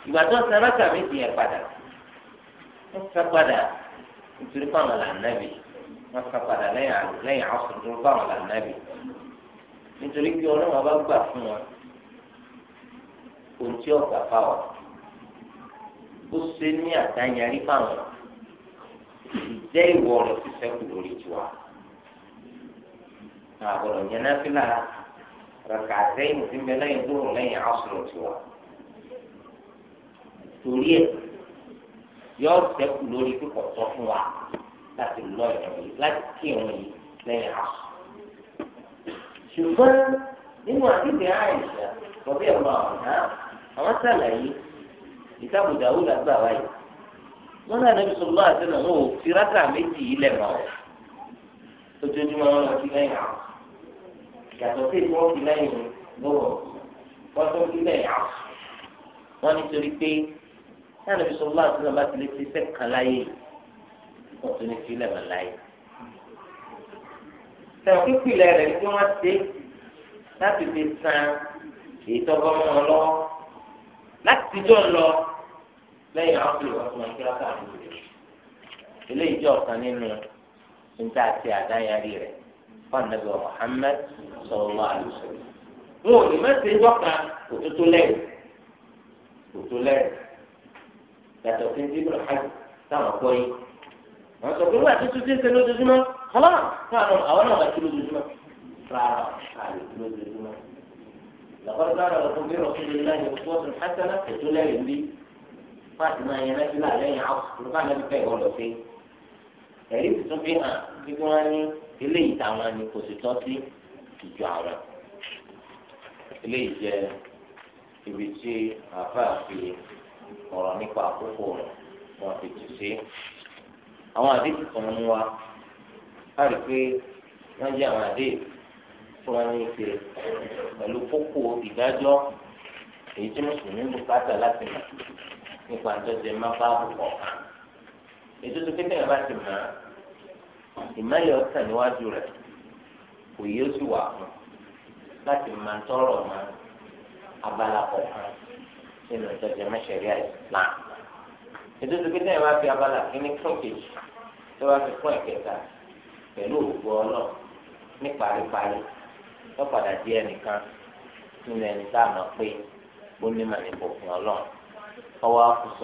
ìgbà tó ń sẹ́rẹ́ kàmí ti yẹ padà wọ́n fẹ́ padà nítorí fáwọn làǹdàbí wọ́n fẹ́ padà lẹ́yìn àwọn tuntun fáwọn làǹdàbí nítorí pé ọlọ́run bá gbà fún wọn kò tí ọ̀gá fáwọn ó ṣe ní àdáyẹrí fáwọn ìjẹ́ ìwọ ọ̀rọ̀ sísẹ́kù lórí tiwa àgbọ̀dọ̀ yẹn náà fi lára rẹ̀ka àtẹ́yìn tí ń bẹ lẹ́yìn tó rùn lẹ́yìn asùnù tiwa. torí ẹ̀ yọ sẹ́kù lórí pípọ̀ sọ fún wa láti lọ ìrìn yìí láti kí ìrìn yìí lẹ́yìn asùn. ṣùgbọ́n nínú àdìgbẹ́ àìsàn lọ́bí ẹ̀ máa wọ̀n náà àwọn sàlàyé ìtàbùdà wù lágbà wáyé wọn náà lẹbi sọ lọ́wọ́ àti náà wọn ò fi rákà méjì yìí lẹ̀ mọ́ ojoojúmọ́ wọn lọ sí lẹ́yìn asùn yàtọ̀ sí ìfowópamọ́ ti lẹ́yìn lọ́wọ́ wọ́n tó ń fi lẹ́yìn àwọn wọ́n nítorí pé náà lè fi sọ wọ́n àti náà bá ti lè fi sẹ́ẹ̀ kan láyé wọ́n tún ní fi lẹ́mọ̀ láyé. sẹ́wọ̀n pípìlẹ̀ rẹ̀ tí wọ́n ṣe láti fi san èyí tó wọn lọ́wọ́ láti jọ lọ lẹ́yìn àwọn pèlè wọ́n fún wọn kí wọ́n kà eléyìí jẹ́ ọ̀kan nínú níta قال النبي محمد صلى الله عليه وسلم مو يمثل وقع وقت لا وتتو لا لا توفين دي حد حاجة تعمل كوي ما توفين وقت تتو تيسا نو خلاص جمال خلاص تعمل اوانا ما تلو دي جمال فرعا شعر تلو دي جمال لقد قال لكم من رسول الله بقوة حسنة تتو لا يلي فاتما ينافي لا لين عصر وقع نبي كي هون لسين يريد تتو فيها بقواني eléyìí táwọn ni kò sì tọ́ sí ìjọ àwọn eléyìí jẹ ibi tí àáfàá fi ọ̀rọ̀ nípa àkókò rẹ̀ wọ́n fi tù sí àwọn àdéhùn kan mú wa a rí pé wọ́n jẹ́ àwọn àdéhùn tó wọ́n ní ṣe pẹ̀lú kókó ìdájọ́ èyí tí mùsùlùmí bùkátà láti mọ̀ nípa àjọṣe má bá àbùkọ̀ kan ètò tó kékeré bá ti mọ̀ á. ìmọ̀lẹ̀ ọ̀sán níwájú rẹ̀ kò yé oṣù wà fún láti máa tọrọ mọ abala kọ̀ọ̀kan nínú ìjọba mẹ́sẹ̀rẹ́ àìsàn. ètò ìdókítà yẹn wá fi abala kíní fún kejì wá fi fún ẹ̀kẹta pẹ̀lú òògùn ọlọ́ ní paríparí lọ́padà díẹ̀ nìkan nínú ẹni tá a mọ̀ pé ó ní ní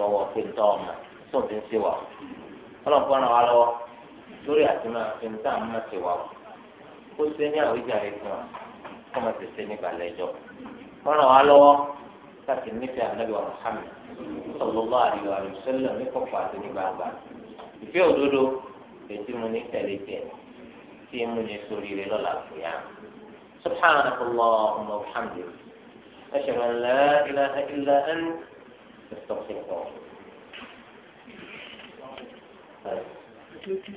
ọwọ́ pé ń tọ́ ọmọ tó ń fi lórí àti máa fi ní táwọn máa ti wà ó kó ṣe ní àwíjàre fún wa kó máa tètè ní balẹ̀ ẹjọ́ wọn ràn wá lọ́wọ́ láti nífẹ̀ẹ́ ànábì wa Muhammad sallallahu alaihi wa sallam ní kọ̀ọ̀kan àti ní ìfẹ́ òdodo ètí mu ní tẹ̀lé tẹ̀ tí mu ní sórí rẹ lọ́la fìyà subhanaka allahumma wa bihamdika ashhadu an la ilaha illa anta astaghfiruka bẹ́ẹ̀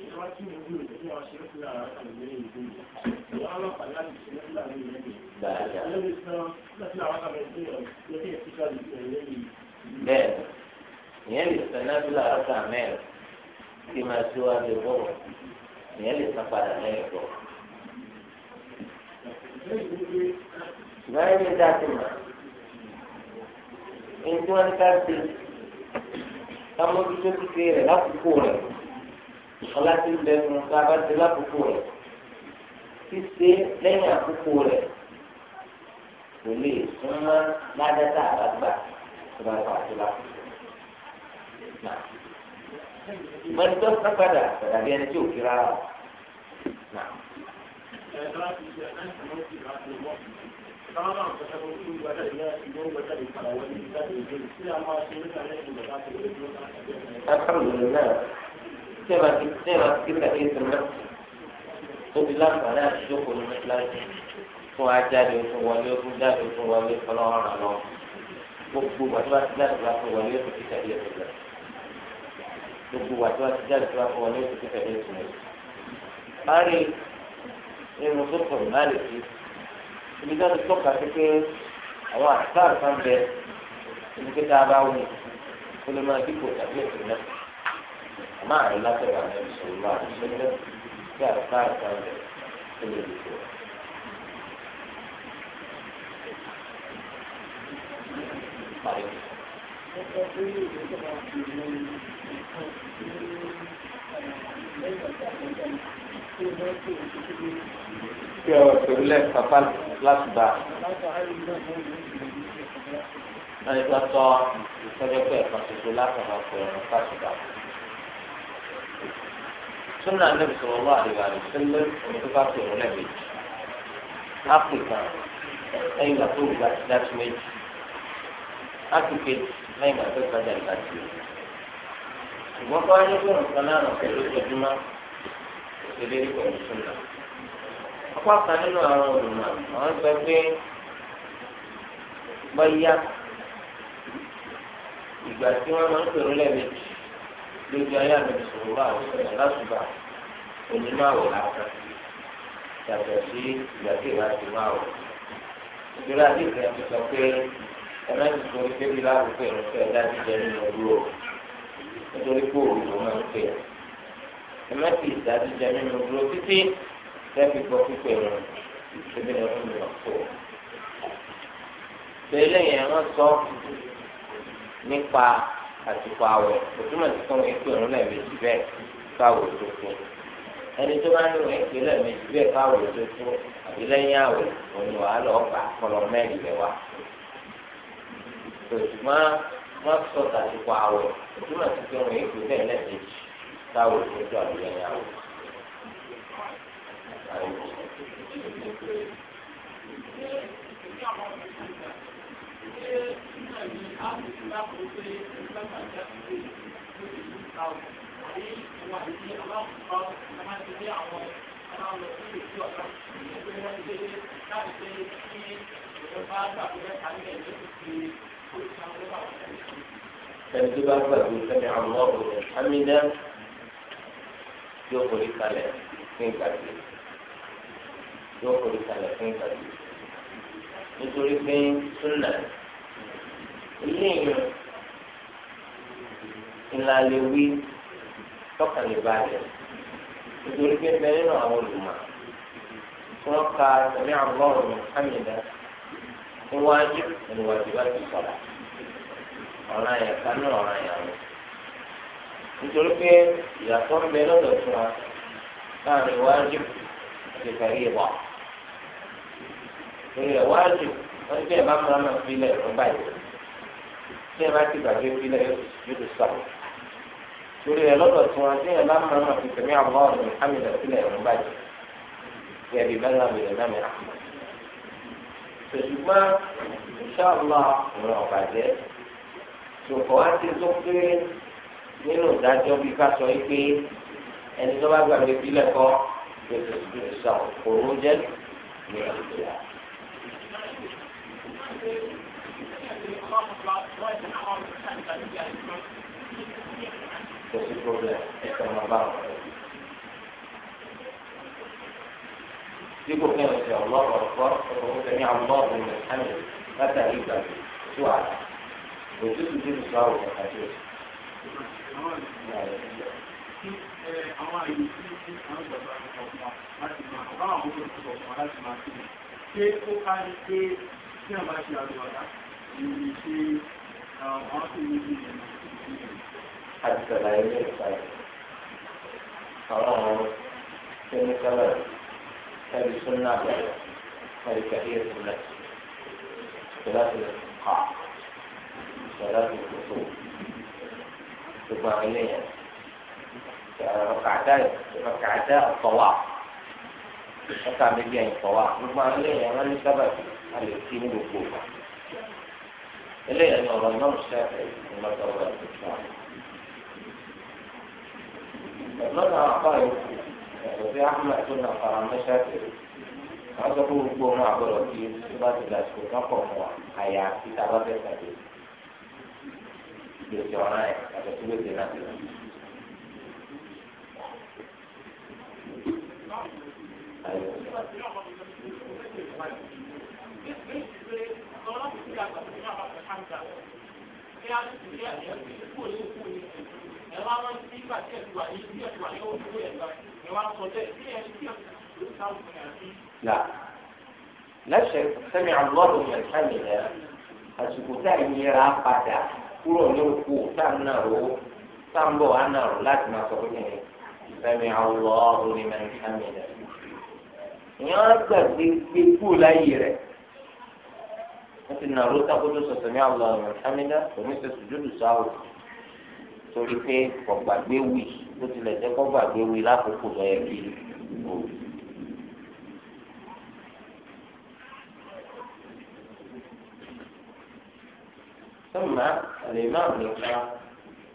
ìyẹn lè san nábìlà ọ̀sán mẹ́rin kí máa síwájú bọ́ọ̀ ìyẹn lè san padà mẹ́rin bọ̀. láyé ní dáàtì mà ẹni tí wọ́n ń ká sí ká mójútó kíkéré lákòókò rẹ̀. ọlá tí ń bẹ nù tá a bá ti lákòókò rẹ̀ ṣíṣe lẹ́yìn àkókò rẹ̀ kò lè súnmọ́ ládàtà àgbàgbà tó bá wà sí lákòókò náà mọ̀lẹ́ tó sá padà padà bí ẹni tí ò kíra rà náà. الحمد لله tẹ́ẹ̀bà ti tẹ́ẹ̀bà ti kíkà kí ètò náà tóbi láǹfààní àtijọ́ kò ní mẹ́tíláṣí fún ajáde fún wọlé fún jáde fún wọlé fọlọ́run àná gbogbo wàtí wàá ti jáde fún wọlé fún kíkà kí ètò náà gbogbo wàtí wàá ti jáde fún wọlé fún kíkà kí ètò náà. báyìí nínú tó pọ̀ náà lè fi ibi tó ti tọ́ka kékeré àwọn àtàkùn bẹ ibi tó dáa bá wù kó lè máa dípò tàbí ètò náà. ma è márùn látọ̀rọ̀ àwọn ìṣòro wà lọ́sẹ̀lẹ̀ tí àtúntà àtàn rẹ̀ tó lè Io tó. Kí ọ pẹ̀lú lẹ́ẹ̀kan pa láti bá. Láti bá tọ́ ìtọ́jú pé ẹ̀kan tuntun látọ̀rọ̀ pẹ̀lú láti bá. súnà níbi sọ̀rọ̀ wà àdìgbà rẹ̀ sílẹ̀ tó bá fi òun lẹ́bi áfíríkà lẹ́yìn ìgbà tó gbà ti dá sí méjì áfíríkà lẹ́yìn ìgbà tó gbà ti dá sí méjì. ṣùgbọ́n bá yẹ kó nǹkan náà ràn pẹ̀lú ojúmọ́ òṣèlè pẹ̀lú súnà. apá kan nínú àwọn olùmọ̀ àwọn sọ pé bọ́yá ìgbà tí wọ́n máa ń pèrò lẹ́ẹ̀mejì lójú ayé àbẹ̀bí sọ̀rọ̀ bá àwọn sọ̀rọ̀ lásùbà onímọ̀ làákà yàtọ̀ sí ìgbàgbé láti máa wọ̀. ìgbéra àti ìgbà ti sọ pé ẹ̀rọ ti sọ pé bí láwùjọ ẹ̀rọ fẹ́ dájú jẹ nínú dúró nítorí pé òun ló máa ń pè ẹ̀rọ ti dájú jẹ nínú dúró títí lẹ́ẹ̀fi gbọ́ pípẹ́ rẹ̀ ìṣẹ́bí ẹ̀rọ mi lọ pọ̀. pẹ̀lú ẹ̀yìn ẹ̀rọ sọ nípa àsìkò àwẹ̀ òtúmọ̀ sí fún wọn pé òun lẹ́ẹ̀mejì bẹ́ẹ̀ káwọ̀ tó fún ẹni tó bá ń rìn pé lẹ́ẹ̀mejì bẹ́ẹ̀ káwọ̀ tó fún àbí lẹ́yìn àwẹ̀ òun ni wàá lọ bà kọlọ mẹ́rin rẹ̀ wá. òtúmọ̀ wọn sọ àsìkò àwẹ̀ òtúmọ̀ sí fún wọn pé bẹ́ẹ̀ lẹ́ẹ̀mejì káwọ̀ tó fún àbí lẹ́yìn àwẹ̀. Thank you ẹni tó bá gbàgbé sẹ́mi àwọn ọ̀rọ̀ amídá yóò forí kalẹ̀ fún ìgbàgbé yóò forí kalẹ̀ fún ìgbàgbé nítorí pé súnà ilé ìyẹn ńlá lè wí tọ́kàn lè balẹ̀ nítorí pé bẹ́ẹ̀ nínú àwọn olùmọ̀ tí wọ́n ka sẹ̀mí àbúrò mi hàmìdá níwájú ìwájú bá ti sọ̀rọ̀ ọ̀ràn yẹn ká ní ọ̀ràn yẹn àwọn nítorí pé ìyàtọ̀ ń bẹ lọ́dọ̀ fún wa láàrin wájú àti ìfẹ̀rí ìwà torí ẹ̀ wájú wọ́n ti bẹ́ẹ̀ bá múra náà fi lẹ̀ yìí tí ẹ bá ti gbàgbé fi yóò ti sọ̀rọ̀ torí ẹ lọ́dọ̀ tí wọ́n adéyàn bá máa ma fi tẹ̀mí àwọn ọ̀rọ̀ hamid àtìlẹ̀ ẹ̀rọ báyìí yẹbi bẹ́ẹ̀ náà bẹ̀rẹ̀ náà mìíràn. ṣùgbọ́n ìṣàlá ọ̀rọ̀ ọ̀bàjẹ́ ṣòkò wá ti tó pé nínú ìdájọ́ bí ká sọ pé ẹni tó bá gbàgbé bílẹ̀ kọ́ gbèsè òru jẹ́ ní àgbéyà. Thank you kò sí problem ẹ̀ka máa bá wọn. dípò kí ẹ̀rọ ṣe ọ̀lọ́ ọ̀kọ́ ọ̀rọ̀ sẹ́ni àwùmọ́ ọ̀gbìn ẹ̀hánì látàrí ìgbà tó àlà òtún ti dín ìṣọ́ àwòrán àti òtún. Àwọn àyè tí àwọn ìgbàgbọ́ àwọn ọ̀gbìn láti máa báwọn àwọn olùkọ́ ọ̀gbìn láti máa sílẹ̀. Ṣé ó ká ní pé tí àwọn bá ṣe àlùwàlá, ìrìn ṣe àwọn tó ní ìrìn ìrìn ìrìn حتى لا يجب خير حرام سن كبر هذه سنة هذه كثير سنة ثلاث الاستنقاع ثلاث الفصول ثم عليا يعني ركعتان ركعتا الطواف ركع مليان الطواف ثم عليا يعني من سبب الاتين بالقوة إليه يعني أن الإمام الشافعي في ترى الإسلام lọ́nà àpáyọ ẹ̀rọ sí ahmed tó nà fara mẹ́ṣẹ́ tẹ̀lé wọ́n sọ fún gbogbo ọmọ àgbọ̀dọ̀ kí tó bá ti dàsìkò kan pọ̀ mọ́ àyà títa bá fẹ́ tàbí gbèsè ọ̀ràn ẹ̀ àtẹ̀tí gbèsè náà ti lọ. Thank you. لا لا شيء سمع الله من حمده أشكوتا ميرا فتا كرو نوكو تنرو تنبو أنرو لازم أصبحني سمع الله من حمده نيانسا في كل أيرة لكن نرو تقول سمع الله من حمده ومثل سجود ساوكو torí pé kò gbàgbé wì bó tilẹ̀ jẹ́ kó gbàgbé wì lákòókò lọ́yẹ̀ kí o. ثم الإمام نفسه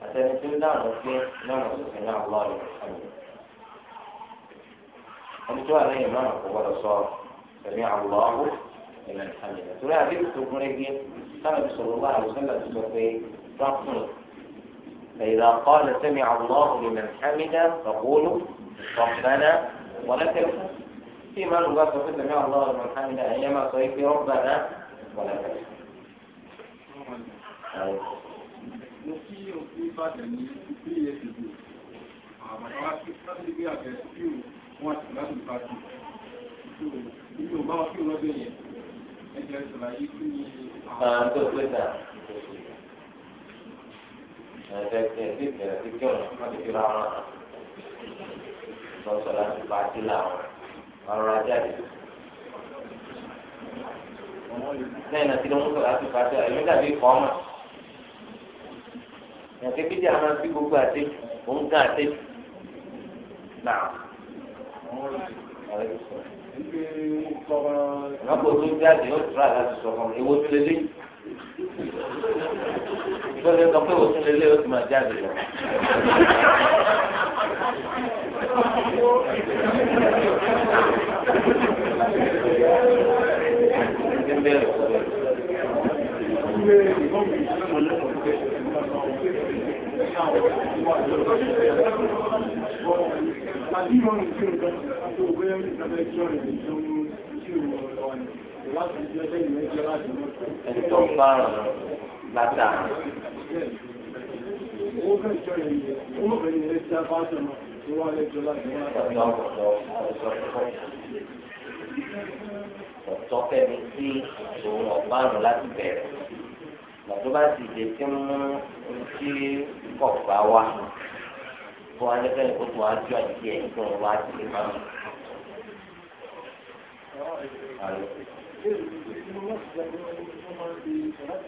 أتاني سنة وفيه نعم سبحانه الله وبحمده أن تعالى الإمام قبل صار سمع الله لمن حمده ترى هذه السورة كان النبي صلى الله عليه وسلم يقول رقم فإذا قال سمع الله لمن حمده فقولوا ربنا ولك الحمد فيما نقول فقد سمع الله لمن حمده أيما صيف ربنا ولك الحمد mo kí òkú ìbàdàn ní three years ago àbàtà wa kí sábẹ́ gbé àbẹ̀ kí o wọn àti láti ìbàdàn tó nínú ọba wa kí o lọ́dọ̀ yẹn ẹ̀jẹ̀ ṣàlàyé kí ni. àwọn tó gbé ta ẹ̀ẹ́dẹ́ tí ẹ̀ ti bẹ̀rẹ̀ sí kí ọ̀nà má ti fi ra wọn lọ́sọ̀ láti bá sí làwọn ọ̀rọ̀ ajáde. lẹ́yìn náà tí ló ń sọ̀rọ̀ láti bá sí àwọn ẹ̀mí dàbí kọ́ ọ̀mà. ẹ̀ẹ́dẹ́ bí díẹ̀ máa gbogbo àti òun gán àti náà. Wọ́n kò tó jáde ó tura láti sọ̀rọ̀ ewo tó lélẹ́yìn tó lè sọ pé òtún lè lé oṣù máa jáde lọ. Thank you ẹni tó ń bá ràn látà. Ọ̀tọ̀ fẹ́mi sí òun ọ̀gbárùn láti bẹ̀rẹ̀. Lọ́tọ́ bá sì dé tí mú tí kọ̀ọ̀bá wá. Fún alẹ́fẹ́ kó tó wá jọ àti ẹ̀yìn tó wá sí máa wọ́n ti sọ láti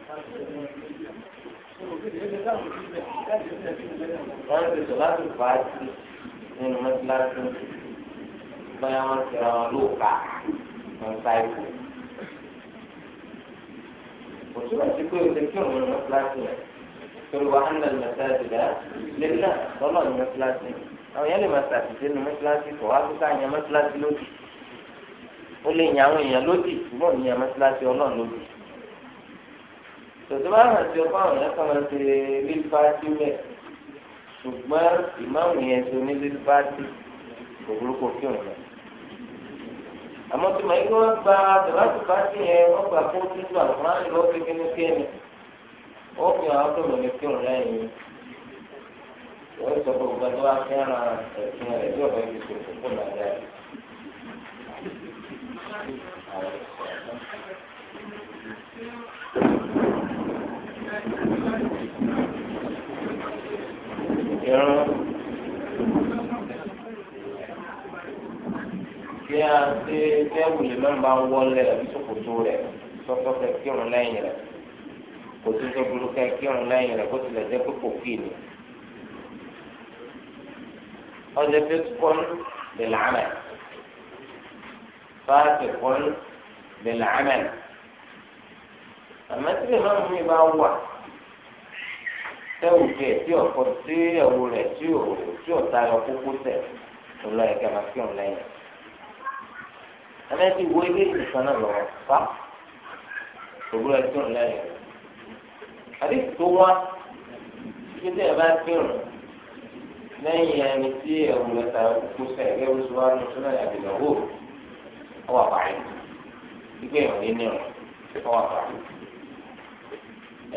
fà á sí nínú mọ́tíláṣí báyà wọ́n ti ra wọn lóòka wọn ta ikú. kò túbọ̀ sí pé o ti kí òun mọ́tíláṣí rẹ̀ torí wa hàn lẹ́nu mọ́tíláṣí àwọn yẹn lè máa ṣàtìsí nínú mọ́tíláṣí kò wá tó ká yẹn mọ́tíláṣí lójú. ó lè yàn àwọn èèyàn lódì ṣùgbọ́n ìyàn mọ́sálásí ọlọ́run lódì. tòtò bá hàn sí ọkọ àwọn èèyàn ọrụ máa ṣe lílfàtì mẹ́ ṣùgbọ́n ìmáàmù yẹn ṣe ní lílfàtì kò burúkú kí òun lọ. àmọ́ tí màá yí wọ́n gba tòlátò fàtì yẹn wọ́n gbà títú lọ kékeré kéènì fi hàn kí òun sọ tẹ́wù lè má bá wọlé àbí ṣòkòtò rẹ̀ sọ́tọ́ fẹ́ kírun lẹ́yìn rẹ̀ kò tún tó burú kẹ́ kírun lẹ́yìn rẹ̀ kó tilẹ̀ jẹ́ pé kò kí ni. ọjọ́ tó kún bìlànà fáàtì kún bìlànà àmọ́ tí lè mú mi bá wà tẹ́wù jẹ tí ọ̀pọ̀ tí ẹ̀wù rẹ̀ tí ò tí ò tayọ kókó tẹ̀ ńlọ ẹ̀ka máa kírun lẹ́yìn rẹ̀ amẹ́tí wo ilé ìsìnkàn náà lọ́wọ́ fa òwúrọ̀ ẹ̀sùn lẹ́yìn àdéhùn tó wá ṣé tẹ́ ẹ bá kírun lẹ́yìn ẹni tí ẹ̀wù rẹ̀ ta kó sẹ́yìn kí ẹ̀wù sọ́wọ́ ní sọ́nà àbìlẹ̀ wò ó wà báyìí gbígbé ìwọ̀n lé ní ọ̀rọ̀ ó wà báyìí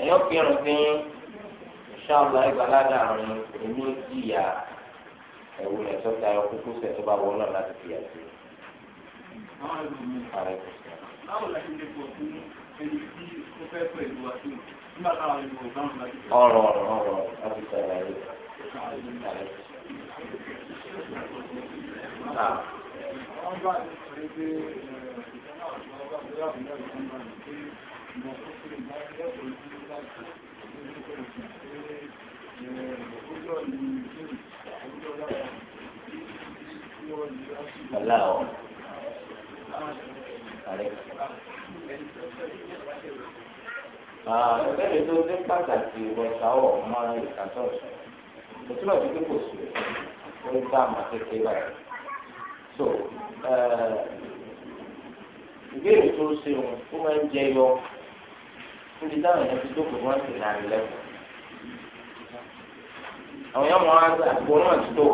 ẹ̀yọ́ kírun sí ṣáàlà ìgbàládà àrùn èmi ò tíì yá ẹ̀wù rẹ̀ kó sẹ́yìn tó bá wọ́ láti fi àti rẹ̀ àwọn ọ̀rọ̀ ọ̀rọ̀ ọ̀rọ̀ Àtẹ̀lẹ́ ah, tó dé pàtàkì ìwọ̀sáwọ̀ máa ń ìkàtọ̀ kò túbọ̀ sí pé sí ó ń bá àmà kékeré báyìí. So eh, ìbéèrè tó ṣe òun ó máa ń jẹ yọ níbi táwọn èèyàn ti dókòó wọn sì láàrin lẹ́kọ̀ọ́. Àwọn èèyàn máa ń àgbọ̀n náà ti tó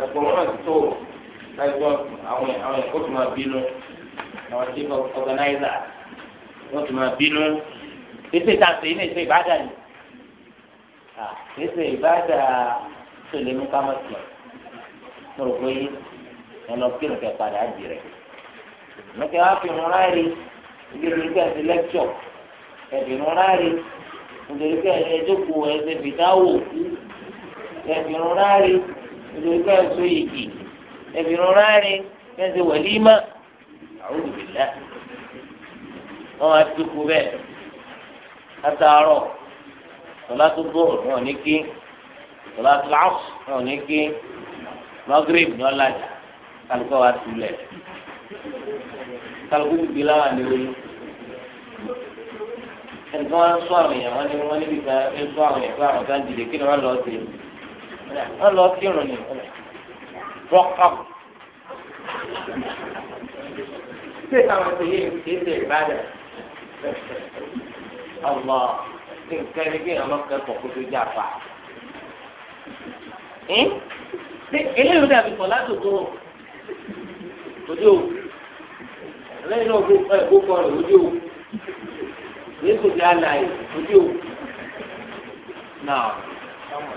àgbọ̀n náà ti tó láìpẹ́ àwọn àwọn ẹ̀kọ́ tó máa bínú àwọn tí ọ̀gánáìzà wọ́n tó máa bínú ètò ìtàsé ní ètò ìbádà ni ètò ìbádà tó lè mú ká má sùn mo rò pé ẹnlọ kí nìkẹ́ padà á jìrẹ̀ nìkẹ́ wá fi hàn ráàrí ìgbésẹ̀ nígbà tí lẹ́kṣọ̀ ẹ̀fì hàn ráàrí nítorí pé ẹjọ́ kù ẹsẹ̀ fìdáwò ẹ̀fì hàn ráàrí nítorí pé ẹ̀sọ́ yìí ẹ̀bìrún rárẹ̀ fẹ́ẹ́ wẹ̀límà àwọn olùbílẹ̀ wọn á dúkú bẹ́ẹ̀ látàárọ̀ tọ́lá tó bọ̀ wọn ní kí tọ́lá tó láàfù wọn ní kí magrib ní ọ̀làjà kálukú wa tulẹ̀ kálukú bíbí láwọn ní oyún ẹnìkan wọn sọ àwọn èèyàn wọn ní wọn níbi kan ẹ sọ àwọn èèyàn fún àwọn kan dìde kí ni wọn lọ sí wọn lọ kírun ni fọ́kàn. ṣé àwọn ti yé ìkéde ìbàdàn? ọmọ kí nǹkan ẹni kí ọmọ kẹ́kọ̀ọ́ kó tó jà pa. eléyìí dàbí kọ̀lá tòótọ́ òjò lẹ́yìn náà gbogbo ọ̀rọ̀ òjò yéésù ti àlàyé òjò náà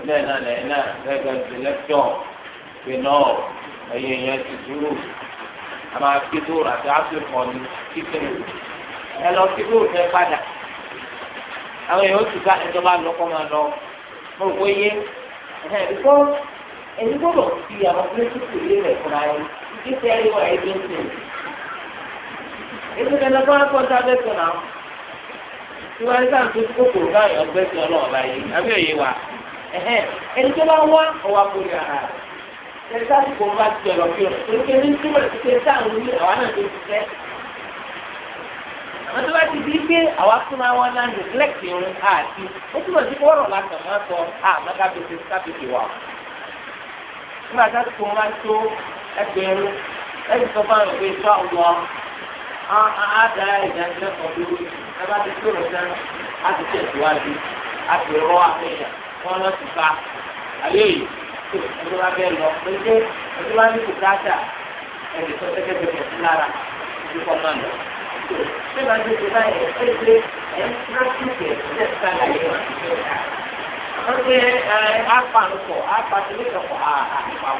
lẹ́yìn náà lẹ́yìn náà lẹ́yìn náà lẹ́yìn náà lẹ́yìn náà pé náà ẹ̀yẹ yẹn ti dúró a máa fi dúró àti áfíríkàn ní kíkẹ́ ẹ lọ sí dúró fẹ́ padà àwọn èèyàn ó ti bá ìjọba lọ́kọ́ máa lọ mo rò pé yé ẹ̀hẹ́n bíkọ́ ẹni gbọ́dọ̀ fi àwọn pírísìpì ilé rẹ̀ fúnra yẹn kí ṣe ẹ̀rí wà ẹ̀dùn sí i. ìpínlẹ̀ lọ́kọ́ akọ́ta bẹ́sẹ̀ náà tí wọ́n sáà tó ti kókò káyọ̀ bẹ́sẹ̀ ọlọ́ọ̀bá yìí àbí òye wa ẹ̀hẹ́n ẹni tó bá wá ọwọ́ akóyà rẹ̀ ẹ̀ka ìkó bá ti ọ̀rọ̀ fi ọ̀rọ̀ tó ké ní túmọ̀ sí pé táwọn ní àwa náà ló ti fẹ́. àwọn tó bá ti di pé àwa fúnra wọn náà lè flẹ́kì irun àti ó túmọ̀ sí kọ́rọ̀ látọ̀ máa sọ àmọ́ kábíyèsí kábíyèsí wà. nígbà tá a tó máa tó ẹgbẹ̀rún ẹ̀sìn tó bá rẹ̀ pé sọ ọ̀wọ́ á dá ìdánilẹ́kọ̀ọ́ lórí ẹ bá ti tó rẹ̀ sẹ́nu á ti tẹ̀síwájú á ti rọ́ àfẹ́yà wọ́n lọ sí fa yìí ẹni wá bẹ́ẹ̀ lọ pé ṣé ẹni wá ní bùkátà ẹni tó tẹ́tẹ́ tó tẹ̀ sí lára ju kọ́ máa lọ. ṣé máa ń tètè báyìí ẹ ṣe ẹ ń pírọ́tìkì ẹ̀ ṣe ṣe àlàyé wọn. wọ́n pe ẹ apànùpọ̀ apàtìlẹ́kọ̀ọ́ àpapọ̀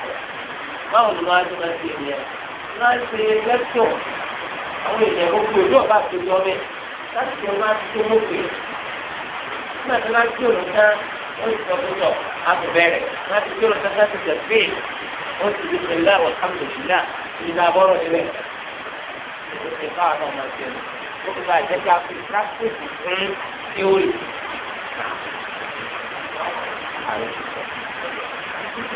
báwo ni wọ́n á ti máa ṣe ìyẹn wọ́n á ṣe lẹ́kṣọ̀ àwọn èèyàn gbogbo ìlú ọ̀bá àti ìjọba láti ṣe wọ́n á wọ́n ti sọ fún yọ àti bẹ̀rẹ̀ wọ́n ti kírun sáká ti tẹ̀ fíì wọ́n ti dùn nílá wọ́n kà mí nílá ìlà bọ́rọ̀ nílẹ̀. ìṣèṣe káwọn náà máa ṣe ní ó ti bá ìjẹ́ ká fi tíráfíìkì fún tíórì. Thank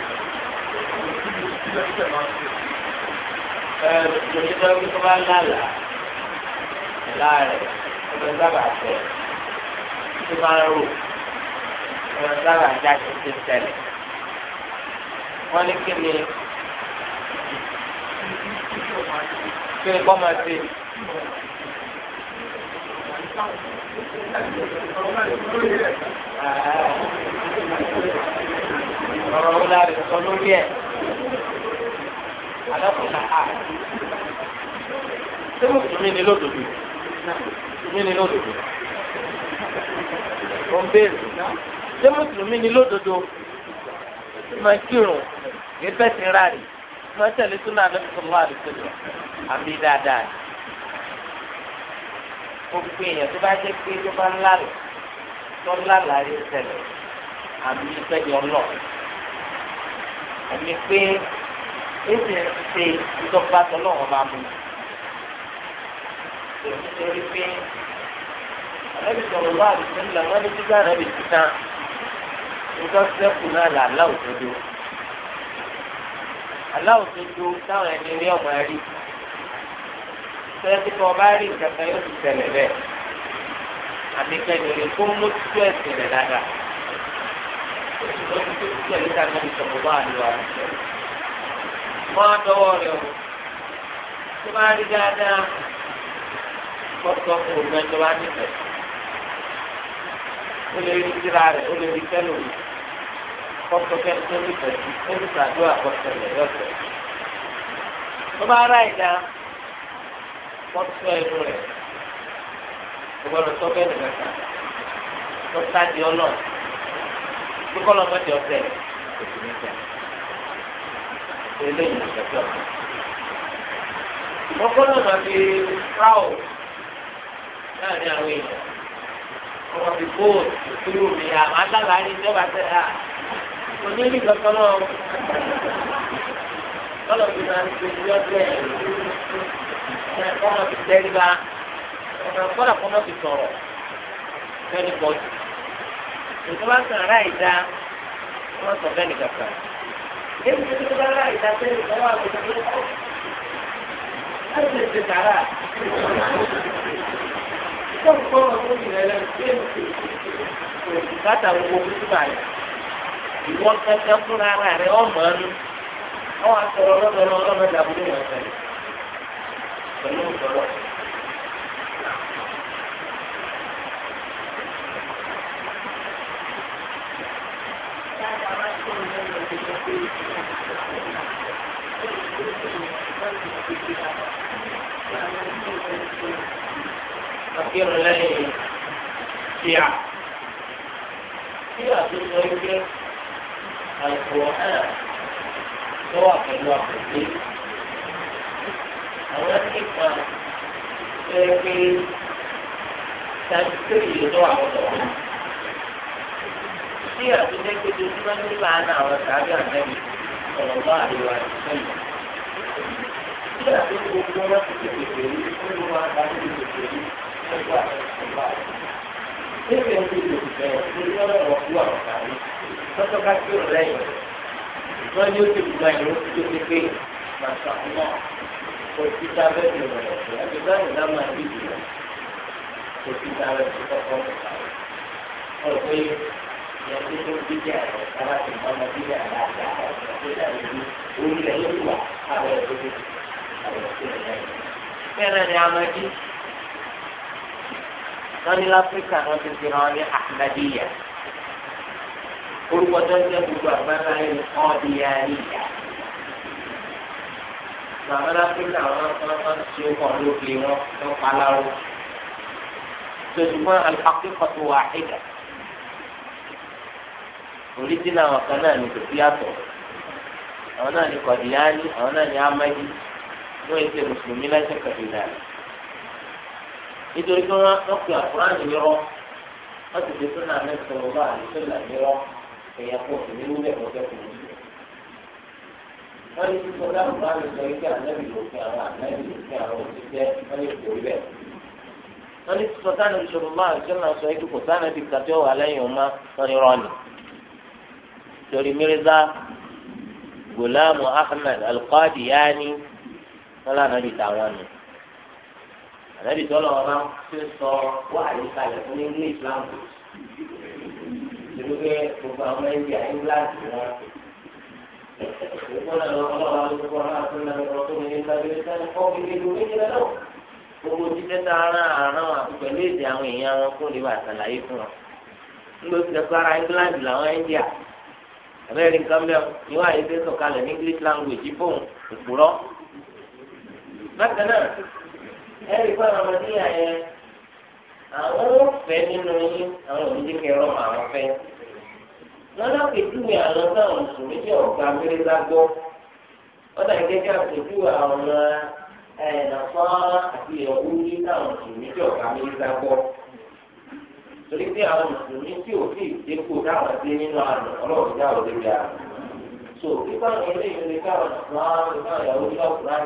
you. Òṣìṣẹ́ orí tó bá lálàá ẹ̀lá rẹ̀ ọ̀dọ̀ sábà tẹ̀ tó bá ń rò ọ̀dọ̀ sábà já sí ti tẹ̀lẹ̀. Wọ́n ní kí ni kí ni kọ́ máa ṣe? Ààrẹ ọ̀rọ̀ wo la rẹ̀ sọ lórí ẹ̀ adákùnrin àá ṣé mùsùlùmí ni lódodo mùsùlùmí ni lódodo ó ń béèrè ṣé mùsùlùmí ni lódodo máa kírun kí bẹ́ẹ̀ ti rà rí máa tẹ̀lé súnà àdókòtò àdókòtò àbí dáadáa gbogbo èèyàn tó bá jẹ́ pé tó bá ń lálẹ́ tó ń lálàá rí ṣẹlẹ̀ àbí ìfẹ́ yọ lọ́ọ̀ ẹni pé èsì ń ṣe ìdọ́gba tọ́lọ́wọ́n bá mú nítorí pé àlẹ́bí sọ̀rọ̀ wá àdìsẹ́ ńlá wọn ní sígá rẹ̀ bìí tán nǹkan sẹ́kù náà là láòdodo aláòdodo táwọn ẹni rí ọmọ rí sẹ́kù tó ọba rí nǹkan kan yóò ti tẹ̀lé bẹ́ẹ̀ àmì kẹ́ni rí kó mójútó ẹ̀sìn rẹ̀ dáadáa lọ́sí tó ti tẹ̀lé ta níbi sọ̀rọ̀ bá àlùwà rẹ̀. Wọ́n á dọwọ́ rẹ̀ o. Tó bá rí dáadáa, gbọ́dọ̀ fún òun tó bá nífẹ̀ẹ́. Ó lè rí síra rẹ̀, ó lè rí sẹ́lò rẹ̀. Kọ́kọ́ kẹ́ni tó nífẹ̀ẹ́ sí, ó ní sàdúrà kọ́kọ́ rẹ̀ lọ́sẹ̀. Tó bá rà ìdá, kọ́kọ́ ẹnu rẹ̀. Ìgbọ́dọ̀ sọ́kẹ́ nìkan kan. Lọ́sàdì ọlọ́run pé kọ́ lọ́mọ ti ọ̀sẹ̀ òsì ní sẹ́ eléyìí ọ̀sẹ̀ tí ọ̀sẹ̀. wọ́n gbọ́dọ̀ máa fi ráò láàrin àwọn èèyàn wọ́n fi bóòlù ìṣúrù mi àmọ́ àgbàlá ní ìjọba tẹ̀ ha onílì kankan náà lọ́dọ̀ fi máa ń ṣe ìjọ bẹ́ẹ̀ kọ́nà fi tẹ́rí bá kọ́nà kọ́nà fi sọ̀rọ̀ fẹ́ẹ́ ní pọ̀jù ìjọba sàn ráì dá wọn sọ bẹ́ẹ̀ nìkan kan èyí tó tó bá ráì dá sẹ́yìn tó wà lóṣù tó kọ́ láti lè ṣe sàrà tó ń kọ́ ọ̀rọ̀ tó ń yẹn lẹ́nu tó ń ṣe bàtà gbogbo tó bá yẹ ìwọ kankan fúnra ara rẹ ọmọ ẹnu ọwọ́ àtọ̀rọ̀ ọlọ́dọ̀ ọlọ́dọ̀ dàbí ní ìwọ̀n sẹ́yìn pẹ̀lú ìtọ́lọ́. àfihàn lẹ́yìn tíà tíà tó sọ wípé àìkò hàn tó wà pẹ̀lú àpòjì àwọn nípa ṣe pé tàbí tó wà lọ́dọ̀ wọn. Tíà tó jẹ́ pé ojoojúmọ́ ní làánà àwọn tàbí àtẹ́bí ọ̀rọ̀ bá àríwá ìṣẹ́yìn. Tíà tó gbogbo wọn ti tètè pèlú, ó ló wá bá tètè pèlú. Níbi ẹni tó ti fẹ́ ọ, ní ọ̀rọ̀ ẹ̀wọ̀n fún àwọn kàrí, lọ́tọ́ ká kí òun lẹ́yìn rẹ̀. Wọ́n ní ó ti gba ìlú tó ti pé màṣà náà. Kò sí sábẹ́ ti rọ̀ ẹ̀sìn, àti báyìí náà máa bí ìlú. Kò sí sábẹ́ ti kọ́kọ́ mọ̀ kàrí. Ọ̀rọ̀ pé ìyàtí tó ń bíjà ẹ̀rọ kára ti mọ ọmọ bíjà dáadáa ọ̀sẹ̀ tó dàbí ní orílẹ̀ yóò wà wọn ní láfíríkà wọn ti fi hàn ní ahmadiyya orúkọ tó ń jẹ gbogbo àgbàlá yìí ní ọdíyàríyà bàbá láfíríkà wọn wọn ti ṣe ọkọ lókè wọn wọn paláró tòṣùgbọ́n al-haqiqatu wahida oríjìnà àwọn kan náà ní kò sí àtọ̀ àwọn náà ní kọ̀díyàní àwọn náà ní amadi wọn èsè mùsùlùmí lẹ́sẹ̀ kọ̀díyàní nítorí pé wọ́n pe àkùránì nírọ́ wọ́n ti fi súnà mẹ́sàn-án bá àlùsọ́là nírọ́ èèyàn kò sì ní wúlẹ̀ lọ́jọ́ kò ní. wọ́n ní sísọ dáhùn àmì sọ wípé ànábì ló fi àwọn ànábì ló fi àwọn òṣìṣẹ́ wọ́n lè kó ibẹ̀. wọ́n ní sísọ dáhùn ìṣòro máa àlùsọ́là sọ wípé kò sáà nàbì kàtí ọ̀wà lẹ́yìn ọ̀ma wọ́n ní rọ́ọ̀nì. torí mírízà gòlámù ahmed alqadiyani wọ́n lànà àlẹ́bí tọ́lọ̀ ọba ṣe sọ wá àyíká rẹ̀ fún ní Islam ìlú pé gbogbo àwọn India England wọn ìgbọ́n náà ọlọ́wà ló gbogbo àwọn àtúnlẹ̀ ọ̀rọ̀ tó ní nípa bí wọ́n ti kọ́ bí ìlú méjìlá náà gbogbo títẹ́ tá a rán àrán àti pẹ̀lú èdè àwọn èèyàn wọn kó lè wà sàlàyé fún wọn ńlọ sí ẹ̀kọ́ ara England làwọn India abẹ́rẹ́ nǹkan mẹ́wọ́ ni wọ́n àyè fẹ́ sọ̀kalẹ̀ ní English language fóun òpùrọ́ bákan náà ẹ̀rí fún àwọn ọmọdé yà yẹn àwọn ó fẹ́ nínú yín àwọn òbí kẹ́ ẹ̀rọ mà wọ́n fẹ́. wọn náà fi dúwe àwọn táwọn mùsùlùmí tí ọ̀gá abẹ́rẹ́dá gbọ́ wọ́n náà gẹ́gẹ́ àpèjúwe àwọn nàfọ́nrán àti ìyọ̀wú ní táwọn mùsùlùmí tí ọ̀gá abẹ́rẹ́dá gbọ́. torí pé àwọn mùsùlùmí tí òfin ìdẹ́kù táwọn dé nínú àná ọlọ́run dá òde so nípa ìrìn ìrìn káwọn nàfọ́nrán nípa ìyàwó ní ọ̀gá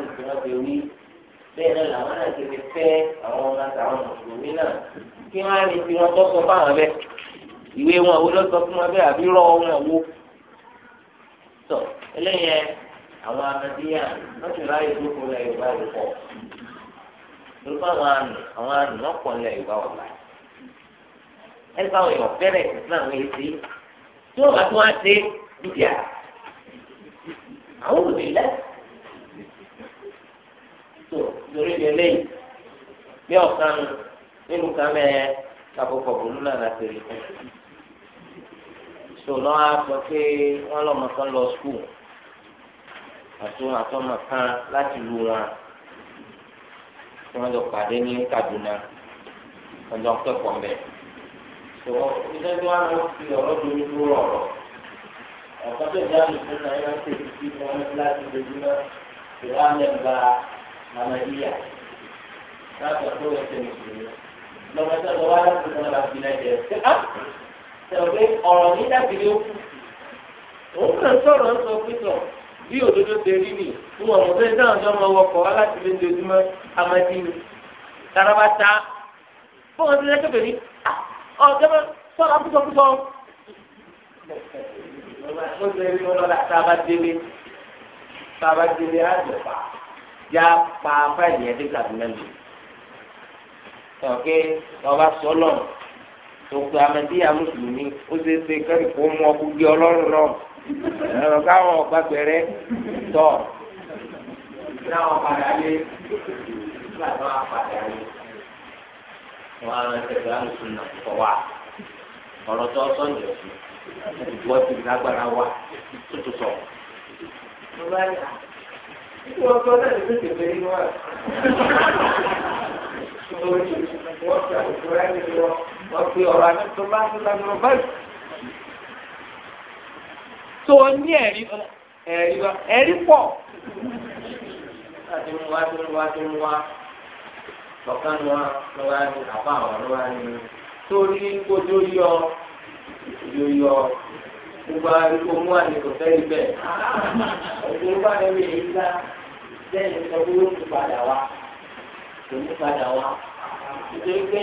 bẹ́ẹ̀ náà làwọn náà ti fi fẹ́ àwọn ọmọ àtàwọn mùsùlùmí náà kí wọ́n á lè fi wọn tọ́ sọ fáwọn bẹ́ẹ̀ ìwé wọn wo ló fún wọn bẹ́ẹ̀ àbí rọ́ wọn wo. tọ́ eléyẹn àwọn amadíyà wọ́n ti ráyè lóko lẹ̀ yorùbá yìí pọ̀ lórúkọ àwọn àwọn àmì pọ̀ lẹ̀ yorùbá wọ̀ ẹ bá wọn yọ fẹ́rẹ̀ náà wọ́n ti tí wọ́n bá tún wá sí dúkìá àwọn òbí lórí ìdílé yìí bí ọ̀kan nínú kàmẹ́ kàbọ̀kọ̀bọ̀ nínú àlàfẹ́ rẹ̀ so lọ́wọ́ á sọ pé wọ́n lọ́mọ kan lọ skul àti wọn àtọ́mọ kan láti lu wọn tí wọ́n jọ pàdé ní Kaduna wọ́n jọ kẹ́kọ̀ọ́ mbẹ́ so iṣẹ́ tí wọ́n lọ fi ọ̀rọ̀ dojú lórí ọ̀rọ̀ ọ̀kan tó dáa nìkan náà yẹn ti fi wọn láti dojú náà ìwà mẹ́ta àmàlíyà láti ọ̀dọ́ ẹ̀sẹ̀ mùsùlùmí lọ́mọ tí ọ̀dọ́ wa láti ọ̀dọ́ láti nàìjíríà ṣe á tẹ̀wé ọ̀rọ̀ ní dàbílẹ̀ òkú òun náà sọ̀rọ̀ ń sọ pé sọ bí òdodo ṣe rí nì fún ọmọ bẹ́ẹ̀ náà ní ọmọ wọkọ̀ wá láti lé ojoojúmọ́ amadi ni taraba ta fọwọ́n ti lẹ́kẹ̀ẹ́ bẹ̀rẹ̀ ọ̀ jẹ́mọ́ sọ̀rọ̀ akúsọ̀kúsọ̀ ó ṣe rí wọn lọ́la tá a bá délé tá a bá délé á jẹ̀ pa já pa fáìlì yẹn dé tàbí mẹ́lì ọ̀kẹ́ ọba sọ́nà tó pe amẹ́díyà mùsùlùmí ó ṣe é ṣe kẹ́rì kó mú ọkú gbé ọlọ́run náà ẹ̀rọ káwọn ọ̀gbà gbẹ̀rẹ́ tọ̀ láwọn padà lé nígbà tó wà padà lé wọn àwọn ẹgbẹ́ alùsùnà kọ̀ wá ọ̀rọ̀ tó sọ̀njọ̀ sí ìgbọ́ ti lágbára wá tó tó sọ̀. Tí wọ́n ní ẹ̀rí ẹ̀rí pọ̀. tó ní àbá yọ, yóò yọ gbogbo arúgbó mú àlejò fẹ́ẹ́ bẹ́ẹ̀. ọ̀gbìn bá rẹ̀ wí èyí lá lẹ́yìn sọ pé ó ti padà wá kò ní padà wá. nítorí pé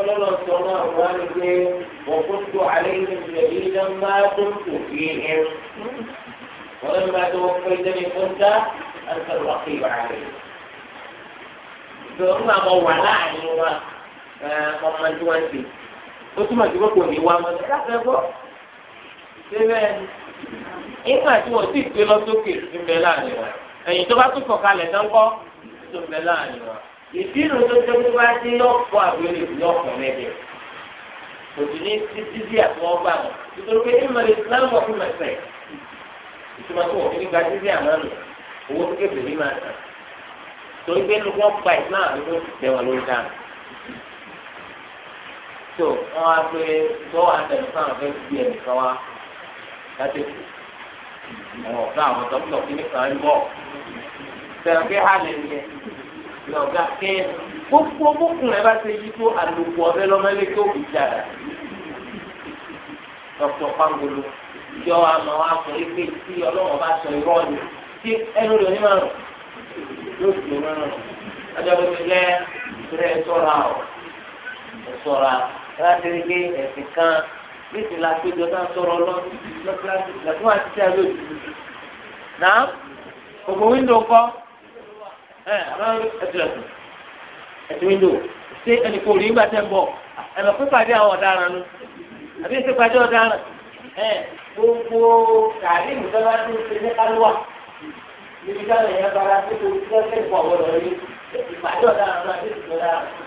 ọlọ́lọ́ sọ náà wá ní pé wọ́n kó tó alẹ́ yìí lè yí lọ́mbà tó kù fi hẹ́n. wọ́n lọ́n bá tó fẹ́ jẹ́ni fúnta àti ọ̀rọ̀kì ìbàrẹ̀. ìjọba máa wà láàrin wa ọmọ tí ti ó túmọ̀ sí pé kò ní wá mọ́ ẹ̀dá fẹ́ bọ́ ṣé bẹ́ẹ̀ nígbà tí wọ́n sì gbé lọ sókè sí bẹ́ẹ̀ láàrin wọn ẹ̀yìn tó bá tún kọ̀ kalẹ̀ tán kọ́ tó bẹ́ẹ̀ láàrin wọn ìdí ìlú tó tẹ́ tó bá dé lọ́pọ̀ àgbélé lọ́pọ̀ mẹ́bẹ̀ òtún ní títí bí àtúwọ́ bá wọn nítorí pé ìmọ̀ ìsìlámù ọ̀fun mẹ́sẹ̀ ìtumọ̀ tó wọ́n fi gba títí àmọ́ nù owó tó kébìrì máa tàn torí pé nínú wọn pa ìsìlámù tó wọn wá pé tó wà ń tẹ̀lé fáwọn fẹ́ fi ẹnìkan wá láti kù àwọn ọ̀gá àwọn tọ́kítọ̀ kí nìkan ń bọ̀ tẹ̀lé pé hà lè yẹ lọ́gà ké gbogbo bókun rẹ bá ṣe yí tó àlòkù ọ̀rẹ́ lọ́mọlẹ́ tó kù jára dọ́kítọ̀ pangolo yọ àmọ́ wa sọ pé tí ọlọ́wọ́ bá sọ irọ́ ni tí ẹnu rẹ̀ ní márùn yóò sì márùn ọjọ́ bí mi lẹ́ ìṣúra ẹ̀ sọ́ra ọ̀ ẹ̀ sọ́ra láti rí pé ẹ̀sìn kan níìsì la péjọ náà sọ̀rọ̀ ọlọ́run lọ́síláṣí lẹ́kún wá sí ẹ̀rọ ìdílé náà gbogbo wíńdò kọ́ ẹ̀ àwọn ẹ̀sìlẹ̀kùn ẹ̀sìn wíńdò ṣé ẹnì kò rí nígbà tẹ́ ń bọ̀ ẹ̀mọ̀ pípàdé àwọn ọ̀daràn nu àbí ẹ̀sìn pàdé ọ̀daràn ẹ̀ gbogbo tàbí ìmùsọ́lá tó ń ṣe ní kálúwà níbi táwọn èèyàn bára tó tó